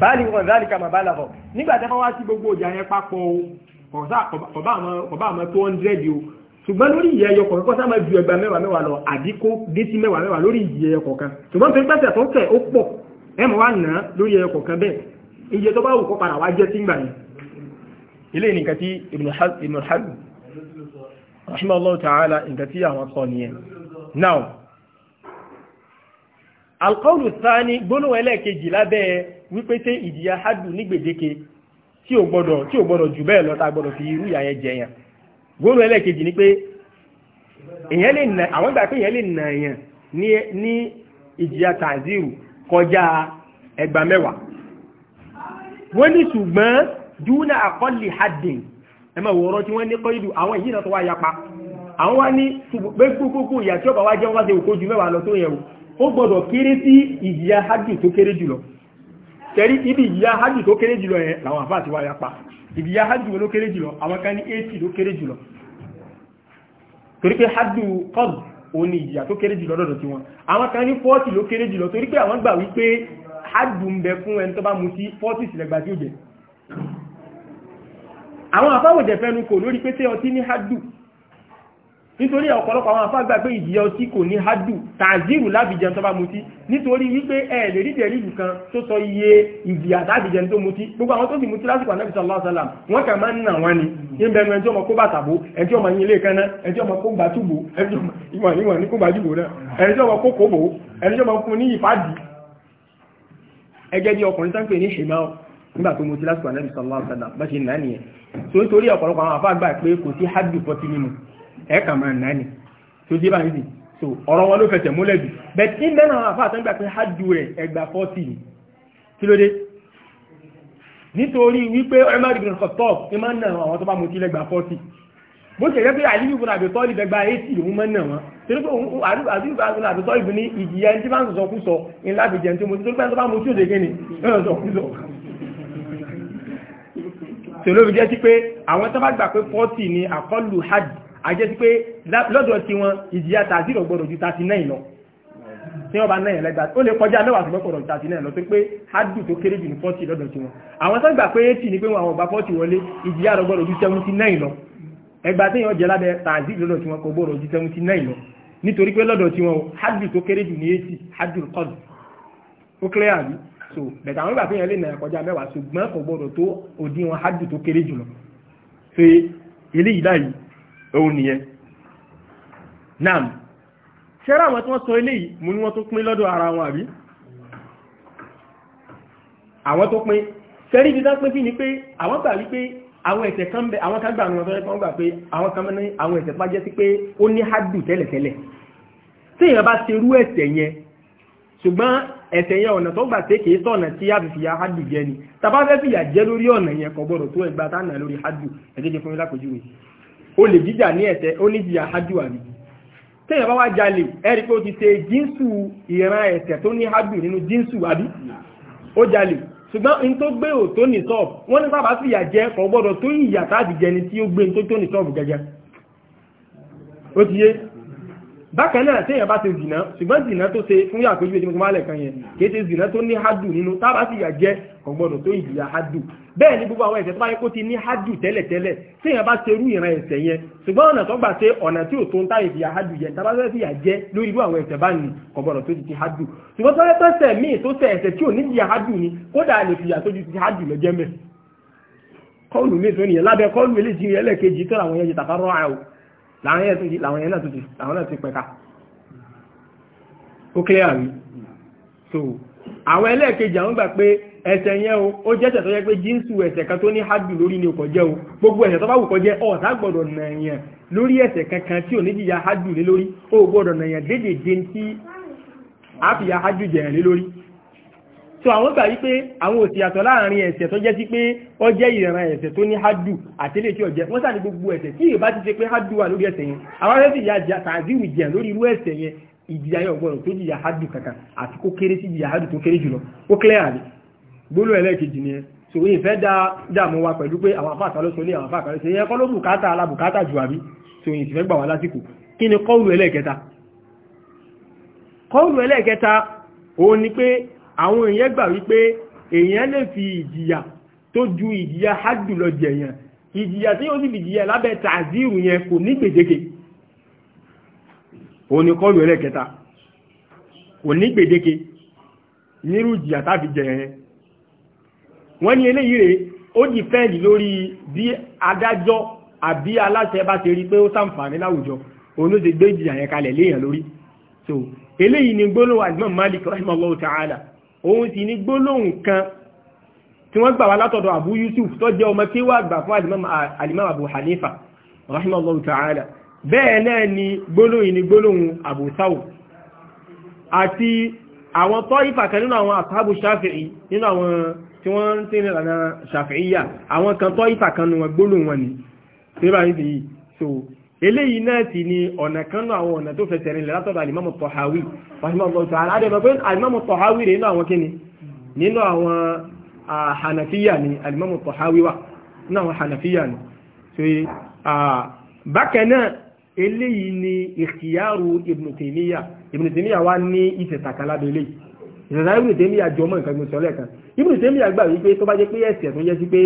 báàlì wọn ìdáàlì kàmà bá làbọ̀ nígbà tẹ́fọ́ wá sí gbogbo ọjà yẹn papọ̀ o ọba àmọ́ tó hundred o ṣùgbọ́n lórí ìyẹ́ ẹyọ kọ̀ọ̀kan kọ́sá máa ju ẹgbà mẹ́wàá mẹ́wàá lọ àdínkù dé sí mẹ́wàá mẹ́wàá lórí ìyẹ́ ẹyọ kọ̀ọ̀kan ṣùgbọ́n tó ń pẹ́sẹ̀ tó ń tẹ̀ ó pọ̀ ẹ mọ̀ wá nà á lórí ẹyọ kọ̀ọ̀kan bẹ́ẹ̀ iye tó bá wù kó padà wá jẹ́ sí ìgbà yẹn. wípé ṣé ìjìyà hádù ní gbèdéke tí ò gbọdọ̀ tí ò gbọdọ̀ jù bẹ́ẹ̀ lọ tá gbọdọ̀ fi irú ìyà yẹn jẹ yẹn góòlù ẹlẹ́ẹ̀kejì ni pé èyàn lè nà àwọn ìgbà pé èyàn lè nà èyàn ní ìjìyà tàzírù kọjá ẹgbà mẹ́wàá wọ́n ní ṣùgbọ́n dúnà àkọ́lì hadin ẹ máa wọ̀rọ̀ tí wọ́n ní kọ́ àwọn èyí náà tó wá yapa àwọn wá ní gbogbogbò ìyà tí ọba wá jẹ́ wọ́n wá ṣe òkójú mẹ́wàá lọ tó yẹ o ó kéré sí hadin tó kéré jùlọ tẹ̀rí ibi ìyá hajj tó kéré jùlọ yẹn làwọn àfáà ti wáyà pa ibi ìyá hajj wo ló kéré jùlọ àwọn kan ní 80 ló kéré jùlọ torí pé hajj qadr òun ni ìyà tó kéré jùlọ lọ́dọ̀ tí wọn àwọn kan ní 40 ló kéré jùlọ torí pé àwọn gbà wípé hajj ń bẹ fún ẹni tó bá mu sí 40 sílẹ̀gbà tí ó jẹ àwọn àfáwòjẹ̀fẹ́nu kò lórí pé tí ọtí ní hajj nítorí ọ̀pọ̀lọpọ̀ àwọn afágbà pé ìjìyà ọtí kò ní hádù tàzírù lábìjẹun tó bá mutí nítorí wípé ẹ lè rí ìdẹ̀rí ìlú kan tó sọ iye ìjìyà lábìjẹun tó mutí gbogbo àwọn tó sì mutí lásìkò anábìsọ aláṣàlám wọn kà máa ń nà wọn ni ìbẹ̀rù ẹjọ́ ọmọ kó bàtàbó ẹjọ́ ọmọ yín ilé kan náà ẹjọ́ ọmọ kó gbà túbò ẹjọ́ ọmọ kó gbà jùbò náà ẹjọ́ ọmọ kó kóbò ẹjọ́ ọmọ kó ní ìfàdí ẹgẹ́ bí ọkùnrin tán pè ní ṣèmáwó nígbà tó mutí lásìkò anábìsọ aláṣàlám bá ṣe nà nìyẹn so nítorí ẹ̀ẹ́kà máa nà ní tó dé báyìí so ọ̀rọ̀ wọn ló fẹsẹ̀ múlẹ̀ jù bẹ̀ tí mẹ́rin àwọn àfáà tó ń gbà pé hajjú rẹ̀ ẹgbà 40 ni kí ló dé nítorí wípé Umar ibn Khattab ti máa ń nà àwọn tó bá mutí lẹ́gbà 40 bó Ali ibn Abi Talib lẹ́gbà 80 lòun máa ń nà wọn torí Ali ibn Abi Talib ní ìjìyà ẹni tí bá ń sọ̀sọ̀ kú sọ ní láti jẹun tí mo ti torí pé tó bá mutí òde kéne sọ̀sọ̀ kú sọ tòlóbi jẹ́ sí pé àwọn tó bá gbà pé 40 ni àkọlù hajj àjẹ́ sí pé lọ́dọ̀ tí wọn ìjìyà tàzírò gbọdọ̀ ju 39 lọ tí wọ́n bá náà lẹ́gbà ó lè kọjá mẹ́wàá ṣùgbọ́n gbọdọ̀ ju 39 lọ tó pé hádù tó kéré jù ní 40 lọ́dọ̀ tí wọn àwọn tó gbà pé 80 ni pé wọn àwọn ọba 40 wọlé ìjìyà rẹ̀ gbọdọ̀ ju 79 lọ ẹgbà tí yàn jẹ́ lábẹ́ tàzírò lọ́dọ̀ tí wọn kò gbọdọ̀ ju 79 lọ nítorí pé lọ́dọ̀ tí wọn hádù tó kéré jù ní 80 hádù kọ́dù ó kéré àbí so bẹ̀tà àwọn ìgbà fihàn lè nà ẹ̀kọjá mẹ́wàá ṣùgbọ́n kò gbọdọ̀ tó òdiwọ̀n hádù tó kéré jù lọ so eléyìí báyìí òun nìyẹn nam ṣẹ́rẹ́ àwọn tí wọ́n sọ eléyìí mú ní wọ́n tó pín lọ́dọ̀ ara wọn àbí àwọn tó pín sẹ́rí ibi dápín sí ni pé àwọn gbà wípé àwọn ẹ̀ṣẹ̀ kan bẹ àwọn kan gbà àwọn ọ̀tọ́rẹ́ kan gbà pé àwọn kan ní àwọn ẹ̀ṣẹ̀ bá jẹ́ sí pé ó ní hádù tẹ́lẹ̀tẹ́lẹ̀ tí èèyàn bá ṣe rú ẹ̀ṣẹ̀ yẹn ṣùgbọ́n ẹ̀ṣẹ̀ yẹn ọ̀nà tó gbà pé kìí sọ̀nà tí a fìyà hádù jẹ ni tàbá fẹ́ fìyà jẹ lórí ọ̀nà yẹn kò gbọ́dọ̀ tó ẹgbà tá nà lórí hádù ẹ̀jẹ̀ fún mi lápòjúwe olè jíjà ní ẹ̀tẹ́ ó ní jìyà hajjú àbí tẹ́yìn bá wá jalè ẹ̀rí pé ó ti ṣe jínsù ìran ẹ̀tẹ́ tó ní hajjú nínú jínsù àbí ó jalè ṣùgbọ́n n tó gbé ò tó ní sọ́ọ̀bù wọ́n ní sábà tó tí ó gbé tó tó bákan náà téèyàn bá ṣe zìnà ṣùgbọ́n zìnà tó ṣe fún yàtọ̀ ojú ìdímọ̀ alẹ̀ kan yẹn kìí ṣe zìnà tó ní hádù nínú tábà sì yà jẹ́ ọgbọ́dọ̀ tó ìjìyà hádù bẹ́ẹ̀ ni gbogbo àwọn ẹ̀ṣẹ̀ tó bá yẹ kó ti ní hádù tẹ́lẹ̀tẹ́lẹ̀ téèyàn bá ṣe irú ìran ẹ̀ṣẹ̀ yẹn ṣùgbọ́n ọ̀nà tó gbà ṣe ọ̀nà tí ò tó ń tá ìjìyà hádù yẹn tábà sì yà jẹ́ lórí irú àwọn ẹ̀ṣẹ̀ bá ní ọgbọ́dọ̀ tó ti ti hádù ṣùgbọ́n tó yẹ tó ṣẹ̀ míì tó ṣẹ̀ ẹ̀ṣẹ̀ tí ò ní ìjìyà hádù ni kódà lè fìyà tó ju ti hádù lọ jẹ́ mẹ́ kọ́ọ̀lù mi tó nìyẹn lábẹ́ kọ́ọ̀lù eléjì ẹlẹ́kejì tó làwọn yẹn ti tàkárọ̀ àwọ̀ làwọn yẹn tó ti làwọn yẹn náà tó ti làwọn náà ti pẹ̀ka ó clear àrí so àwọn ẹlẹ́ẹ̀kejì àwọn gbà pé ẹ̀ṣẹ̀ yẹn o ó jẹ́ṣẹ̀ tó jẹ́ pé jíǹsù ẹ̀ṣẹ̀ kan tó ní hajjù lórí ni kò jẹ́ o gbogbo ẹ̀ṣẹ̀ tó bá wù kó jẹ́ ọ̀tá gbọ́dọ̀ nàyàn lórí ẹ̀ṣẹ̀ kankan tí ò ní jìyà hajjù lé lórí ó gbọ́dọ̀ nàyàn dédèdé tí a fi ya hajjù jẹ̀yàn lé lórí so àwọn gbà yí pé àwọn ò sì yàtọ̀ láàrin ẹ̀ṣẹ̀ tó jẹ́ sí pé ó jẹ́ ìran ẹ̀ṣẹ̀ tó ní hádù àtẹ́lẹ̀ tí ó jẹ́ wọ́n sàní gbogbo ẹ̀ṣẹ̀ tí ìbá ti ṣe pé hádù wà lórí ẹ̀ṣẹ̀ yẹn àwọn ẹ̀ṣẹ̀ ìyá jà tàbíwì jẹ̀ lórí irú ẹ̀ṣẹ̀ yẹn ìjìyà yẹn tó jìyà hádù kankan àti kó kéré sí ìjìyà hádù tó kéré jùlọ ó kílẹ̀ so yìí fẹ́ wa pẹ̀lú pé àwọn afáàkà ló sọ ní àwọn afáàkà ló sọ yẹn kọ́ so yìí fẹ́ gbà wá lásìkò kí ni kọ́ọ̀lù ẹlẹ́ẹ̀kẹta kọ́ọ̀lù ẹlẹ́ẹ̀kẹta òun ni pé àwọn èèyàn gbà wípé èèyàn lè fi ìjìyà tó ju ìjìyà hajj lọ jẹ̀yàn ìjìyà tí yóò sì fi jìyà lábẹ́ tàzírù yẹn kò ní gbèdéke òun ni ẹlẹ́kẹta kò ní gbèdéke nírú ìjìyà tàbí jẹ̀yàn wọ́n ní eléyìí rèé ó di fẹ́ẹ̀lì lórí bí adájọ́ àbí aláṣẹ bá ti rí pé ó sàǹfààní láwùjọ òun ló ti gbé ìjìyà yẹn kalẹ̀ léèyàn lórí so eléyìí ni gbólóhùn àdìmọ̀ Malik rahimahullah ta'ala òun sì ní gbólóhùn kan tí wọ́n gbà wá látọ̀dọ̀ Abu Yusuf tó jẹ́ ọmọ kí wà gbà fún alimam Abu Hanifa rahimahullahu ta'ala bẹ́ẹ̀ náà ni gbólóhùn ni gbólóhùn Abu Thawb àti àwọn tọ́ ìfàkẹ́ nínú àwọn àtàbù Shafi'i nínú àwọn tí wọ́n tí ní ìlànà Shafi'iyya àwọn kan tọ́ ìfàkẹ́ nínú wọn gbólóhùn wọn ni tí ó bá ń fi yìí so eléyìí náà sì ni ọ̀nà kan náà àwọn ọ̀nà tó fẹsẹ̀ rìnlẹ̀ látọ̀dọ̀ alimamu tọ̀háwì rahimahullahu ta'ala adẹ́mọ̀ pé alimamu tọ̀háwì rẹ̀ nínú àwọn kíni nínú àwọn hanafiya ni alimamu tọ̀háwì wà nínú àwọn hanafiya ni so bákan náà eléyìí ni ìkìyàrú ibn tèmíyà ibn ní ìtẹ̀tàkàlábẹ̀ eléyìí ìrìnà ibùdó tèmi àjọmọ́ nǹkan gbèsè ọlẹ́kan ibùdó tèmi àgbà wípé tó bá jẹ́ pé ẹ̀ṣẹ̀ tó jẹ́ sí pé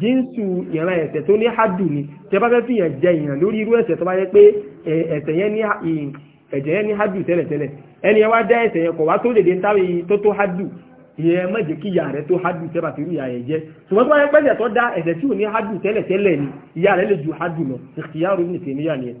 jíǹsù ìran ẹ̀ṣẹ̀ tó ní hádù ni tẹ bá fẹ́ fi hàn jẹ ìyàn lórí irú ẹ̀ṣẹ̀ tó bá jẹ́ pé ẹ̀ṣẹ̀ yẹn ní ẹ̀jẹ̀ yẹn ní hádù tẹ́lẹ̀tẹ́lẹ̀ ẹni yẹn wá dá ẹ̀ṣẹ̀ yẹn kọ̀ wá tó lè dé táwọn tó tó hádù ìyẹn mẹ́jẹ̀ kí ìyá rẹ̀ tó hádù tẹ́bà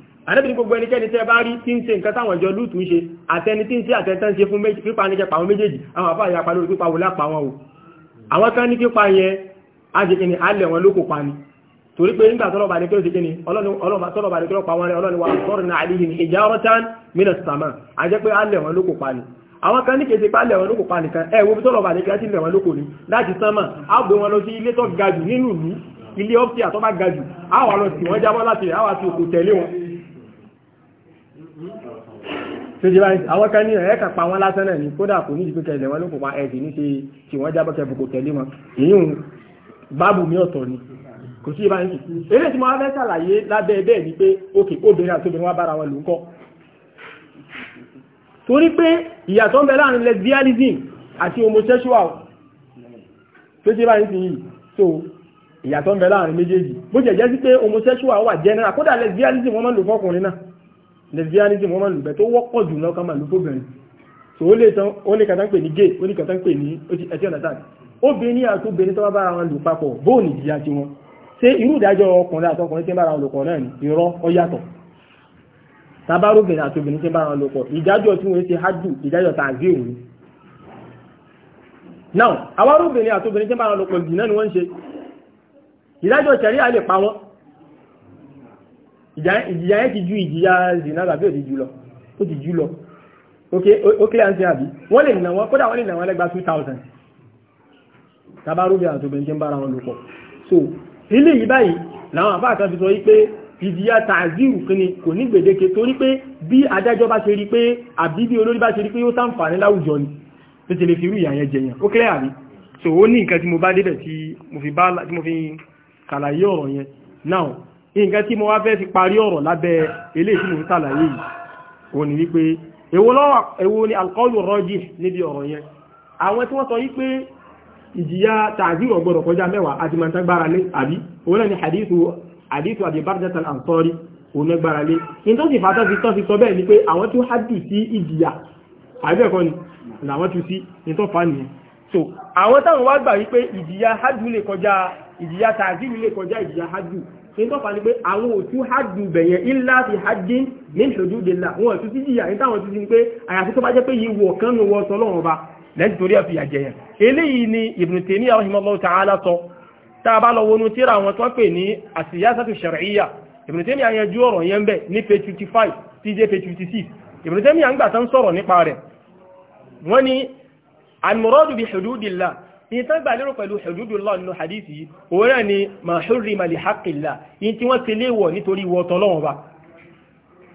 àdébìnrin gbogbo ẹnikẹ́ni tẹ́ bá rí tí ń ṣe nǹkan táwọn ìjọ lúùtù ń ṣe àtẹni tí ń ṣe àtẹni tán ṣe fún pípa ní kẹpa méjèèjì àwọn àfáà ìyapa lórí pípa wò lápá wọn o àwọn kan ní pípa yẹn ajẹkẹni alẹ wọn ló pa ni torí pé nígbà tọ́lọ̀ bá ní kéré ṣekẹ́ni tọ́lọ̀ bá ní kéré pa wọn rẹ ọlọ́ni wa sọ́rọ̀ náà àlìyé ni ìjà ọ̀rọ̀ tán mínà sàmà àjẹ́ pé alẹ̀ wọn ló kò pa ni àwọn kan ní kèsè pa alẹ̀ wọn ló kò pa nìkan ẹ̀ wo bí tọ́lọ̀ bá ní kéré sí ilẹ̀ wọn ló tó jẹ́ báyìí àwọn kan ní ẹ̀ẹ́kà pa wọn lásán náà ní kódà kò ní ìdíkò tẹ̀lé wọn ló kò pa ẹ̀sì ní ṣe tí ni kò sí ìbáyìí eré tí mo wá fẹ́ ṣàlàyé lábẹ́ bẹ́ẹ̀ ni pé òkè obìnrin àti obìnrin wá bára wọn lò ń kọ́ torí pé ìyàtọ̀ ń bẹ láàrin lesbianism àti homosexual tó jẹ́ báyìí sí yìí so ìyàtọ̀ ń bẹ láàrin méjèèjì bó jẹ́ jẹ́ sí pé homosexual wà general kódà lesbianism wọ́n lesbianism wọ́n máa lùgbẹ́ tó wọ́pọ̀ jù lọ ká máa lù fóbìnrin so ó lè tán ó lè kàtà ń pè ní gay ó lè kàtà ń pè ní ẹtí ọ̀nà tàbí obìnrin àti obìnrin tó bá bára wọn lù papọ̀ bóòlù ìjìyà tí wọn ṣé irú ìdájọ́ ọkùnrin àti ọkùnrin tí ń bára wọn lò pọ̀ náà ni irọ́ ọ yàtọ̀ tabarobìnrin àti obìnrin tí ń bára wọn lò pọ̀ ìdájọ́ tí wọ́n ṣe hajj ìdájọ́ tààzí òun now àwọn arúgbìnrin àti obìnrin tí ń bára wọn lò pọ̀ ìdìnnà ni wọ́n ń ṣe ìdájọ́ ṣẹ̀ríà lè pa wọ́n ìjìyà yẹn ti ju ìjìyà zina tàbí ò ti jù lọ ó ti jù lọ ó ok àti àbí wọ́n lè nà wọ́n kódà wọ́n lè nà wọ́n lẹ́gbàá 2000 tàbá rúbí àti obìnrin tí ń bára wọn lò pọ̀ so ilé yìí báyìí làwọn àbá àkàfi sọ wípé ìjìyà tàzíù kìíní kò ní gbèdéke torí pé bí adájọ́ bá ṣe rí pé àbí bí olórí bá ṣe rí pé ó sàǹfààní láwùjọ ni tó ti lè fi irú ìyà yẹn jẹyàn ó kílẹ̀ àbí so ó ní nǹkan tí mo bá débẹ̀ tí mo fi kàlàyé ọ̀rọ̀ yẹn now nǹkan tí mo wá fẹ́ fi parí ọ̀rọ̀ lábẹ́ ilé ìsinmi ń tàlàyé yìí wọ́n ni wípé èwo ni alkọ́lù rọ́jì níbi ọ̀rọ̀ yẹn àwọn tí wọ́n sọ wípé ìjìyà tààzírò gbọ́dọ̀ kọjá mẹ́wàá àti mọ̀tàgbára lé àbí òun náà ni hadithu hadithu àbí bardatan ansori òun náà gbára lé ní tó sì fàtọ́ fi tọ́ fi kí n tọ́fà ní pé àwọn òtú hajjú bẹ̀yẹ ilá ti hajjí ní ìṣòjú dèlà wọn òtú títí yà ní táwọn títí ní pé àyàfi tó bá jẹ́ pé yìí wọ̀ kán ní wọ́n sọlọ́run ọba lẹ́yìn torí ẹ̀fì àjẹ́ yẹn eléyìí ni Ibn Taymiyyah rahimahullahu ta'ala sọ tá a bá lọ wọnú tíra àwọn tó pè ní as-siyasatu shar'iyya Ibn Taymiyyah yanjú ọ̀rọ̀ yẹn bẹ̀ ní page fifty five ìtàn gbà lérò pẹ̀lú hududullah nínú hadithi yìí òun náà ni ma hurrima li haqqillah yìí tí wọ́n ti léwọ̀ nítorí wọ́tọ̀ lọ́wọ́ bá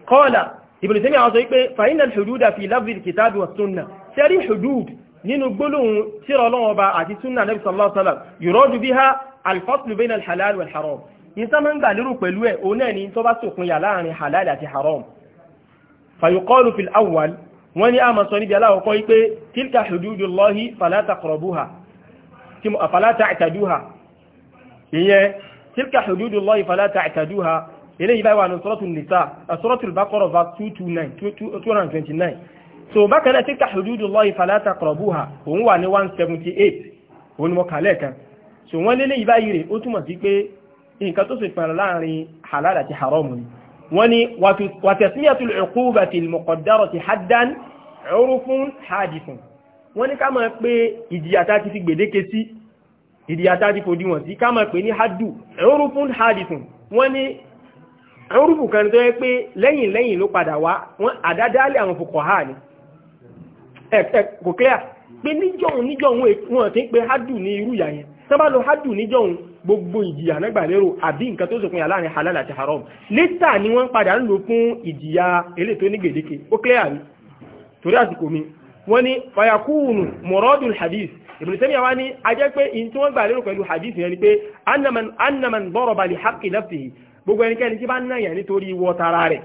qala Ibn Taymiyyah àwọn sọ pé fa inna al-hududa fi lafzi al-kitabi wa sunnah sẹ́rí hudud nínú gbólóhùn tírà Ọlọ́run Ọba àti sunna nabi sallallahu alaihi wasallam yuradu biha al-faslu bayna al-halal wal-haram nǹkan máa ń gbà lérò pẹ̀lú ẹ̀ òun ni tó bá sòpin yà láàrin halal awwal wọ́n ní a máa sọ níbi aláwọ̀kọ́ pé tilka hududullahi fala taqrabuha تحكموا أفلا تعتدوها إيه تلك حدود الله فلا تعتدوها إليه بقى عن سورة النساء سورة البقرة verse 229 229 so بكنا تلك حدود الله فلا تقربوها وهو عن 178 ونمو كاليكا so wọ́n lélẹ́ ìbáyìí rẹ̀ ó túmọ̀ sí pé nǹkan tó sì pẹ̀rẹ̀ láàrin halal àti haram ni wọ́n ni wàtẹ̀síyàtul uqubati al-muqaddarati haddan urfun hadithun wọ́n ní ká máa pé ìjìyà tá ti fi gbèdéke sí ìdí àtàdì kò díwọ̀n sí ká máa pè ní hadu ẹ̀rùfún hadithun wọ́n ní ẹ̀rùfún kan tó yẹ pé lẹ́yìn lẹ́yìn ló padà wá wọ́n àdádálẹ̀ àwọn fòkọ̀ ha ní kò clear pé níjọun níjọun wọn ti ń pe hadu ní irú ìyà yẹn tán bá lọ hadu níjọun gbogbo ìjìyà nágbà lérò àbí nǹkan tó sòpin àláàrin halal àti haram létà ni wọ́n padà ń lò Ibn Taymiyyah wá ní ajẹ́ pé in tí wọ́n gbà lérò pẹ̀lú hadith yẹn ni pé annaman annaman daraba li haqqi nafsihi gbogbo ẹnikẹ́ni tí bá ń náyà nítorí wọ tara rẹ̀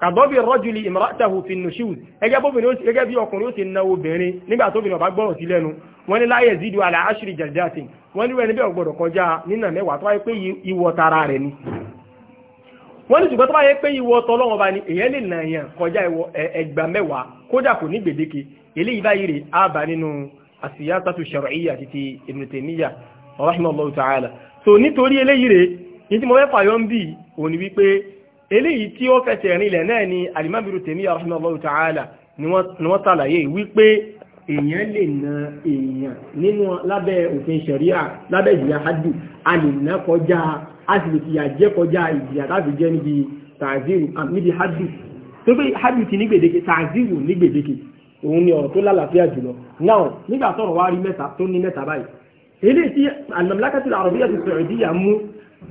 kàdọ́bì rọ́jùlì imra'atahu fi nushuz gẹ́gẹ́ bí ọkùnrin ó ti na obìnrin nígbà tó bìnrin ọba gbọ́rọ̀ sí lẹ́nu wọ́n ní la yazidu ala ashri jaldatin wọ́n ní wẹ́n níbẹ̀ ọgbọ̀dọ̀ kọjá nínà mẹ́wàá tó wáyé pé ìwọ tara rẹ̀ ni wọ́n ní ṣùgbọ́n tó bá pé ìwọ ọ̀tọ̀ Ọlọ́run Ọba ni èyàn lè nà yàn kọjá ẹgbà mẹ́wàá kódà kò ní gbèdéke eléyìí báyìí rè á bà nínú asiyasatu shar'iyya titi ibn taymiya rahimahullahu ta'ala so nítorí eléyìí rẹ̀ yìí tí mo fẹ́ fàyọ ń bì òun ni wípé eléyìí tí ó fẹsẹ̀ rinlẹ̀ náà ni alimamiru taymiya rahimahullahu ta'ala ni wọ́n ṣàlàyé wípé èèyàn lè na èèyàn nínú lábẹ́ òfin ṣẹ̀ríà lábẹ́ ìjìyà hadu a lè ná kọjá a sì lè fìyà jẹ kọjá ìjìyà láti jẹ́ níbi tàzírù níbi hadu tó pé hadu ti ní gbèdéke tàzírù ní gbèdéke òun ni ọ̀rọ̀ tó lálàáfíà jùlọ náà nígbà tọ́rọ̀ wá rí mẹ́ta tó ní mẹ́ta báyìí ilé tí al-Mamlakatul Arabiyyah as-Saudiyyah mú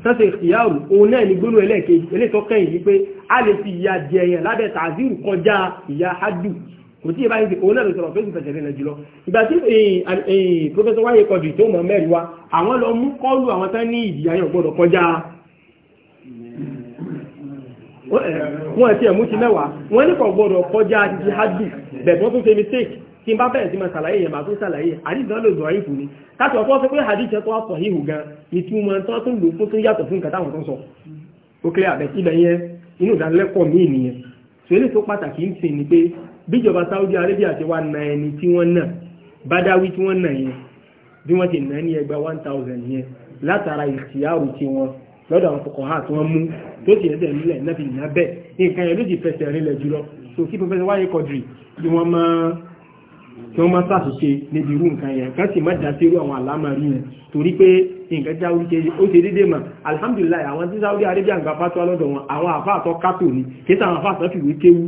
sẹ́sẹ̀ ìyáàrù òun náà ní gbónú ẹlẹ́ẹ̀kejì elétọ́ kẹ́yìn wípé a lè fi ìyà jẹ ẹ̀yàn lábẹ́ tàzírù kọjá ìyà hajjú kò tí ìbáyìí òun náà lè sọ̀rọ̀ fẹ́sì fẹ̀sẹ̀ rẹ̀ jùlọ ìgbà tí eh, eh, professor wáyé kọjú tó mọ̀ mẹ́rin wa àwọn lọ mú kọ́lù àwọn tán ní ìdíyà yàn gbọ́dọ̀ kọjá wọ́n ti ẹ̀mú ti mẹ́wàá wọ́n ní kọ̀ gbọ́dọ̀ kọjá ti hajj bẹ̀rẹ̀ wọ́n tún ṣe mistake tí n bá bẹ̀rẹ̀ sí ma ṣàlàyé yẹn màá tún ṣàlàyé àdìsí náà ló zọ ìfù ni káṣọ ọkọ sọ pé àdìsí tó wà sọ híhù gan ìtumọ̀ tó tún lò fún tó yàtọ̀ fún nǹkan táwọn tó ń sọ ó kílẹ̀ àbẹ̀ síbẹ̀ yẹn inú ìdánilẹ́kọ̀ọ́ mi nìyẹn ṣòlè tó pàtàkì ń sìn ni pé bíjọba Saudi Arabia ti wá na ẹni tí wọ́n nà bádáwí tí wọ́n nà yẹn bí wọ́n ti nà ní ẹgbẹ́ one thousand yẹn látara ìtìyàrù tí wọ́n lọ́dọ̀ àwọn kòkòrò àti wọn mú tó ti ẹ̀dẹ̀ nílẹ̀ náà fi nà bẹ́ẹ̀ nǹkan yẹn ló ti fẹsẹ̀ rinlẹ̀ jùlọ so kí pẹ́pẹ́ wáyé kọ̀dìrì kí wọ́n máa kí wọ́n máa ṣàtúnṣe níbi irú nǹkan yẹn ká sì má dá sí irú àwọn àlámà rí yẹn torí pé nǹkan já ó ṣe dédé mà alihamudulilayi àwọn tí Saudi Arabia ń gba pátó lọ́dọ̀ wọn àwọn àfáàtọ́ kátó ni kí sáwọn àfáàtọ́ fìwé kéwú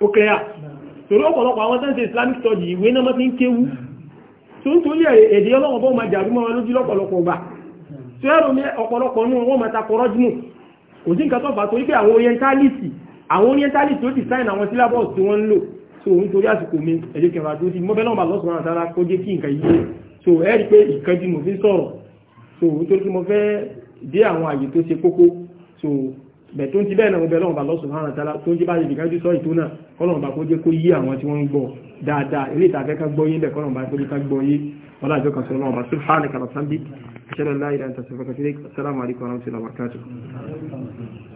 ó kẹ́yà torí ọ̀pọ̀lọpọ̀ àwọn tẹ́ǹsì Islamic study ìwé náà mọ́ ti ń kéwú tó ń torí èdè ọlọ́wọ́ bọ́ máa jàdúmọ́ wọn lójú lọ́pọ̀lọpọ̀ gbà tí ẹ̀rù ní ọ̀pọ̀lọpọ̀ ní wọ́n mẹ́ta kọ̀rọ̀ jùmù kò sí nǹkan tó fà torí pé àwọn orientality àwọn orientality ó design àwọn syllabus tí wọ́n ń lò so òun torí àsìkò mi ẹ̀jẹ̀ kẹfà tó ti mọ́bẹ́ náà bà lọ́sùn àtàrà kó jẹ́ kí nǹkan yìí so ẹ rí pé ìkẹjú mo fi sọ̀rọ̀ so òun torí pé mo fẹ́ dé àwọn àyè tó ṣe kókó so bẹ̀ tó ń ti bẹ́ẹ̀ náà mo bẹ̀ lọ́wọ́ bà lọ́sùn àtàrà tó ń jẹ́ bá ṣe ìkẹjú sọ ìtó náà kọ́lọ̀ bà kó jẹ́ kó yí àwọn tí wọ́n ń gbọ́ dáadáa eré ìtàfẹ́ kan gbọ́ yé bẹ̀ kọ́lọ̀ bà أشهد أن لا إله إلا أنت أستغفرك السلام عليكم ورحمة الله وبركاته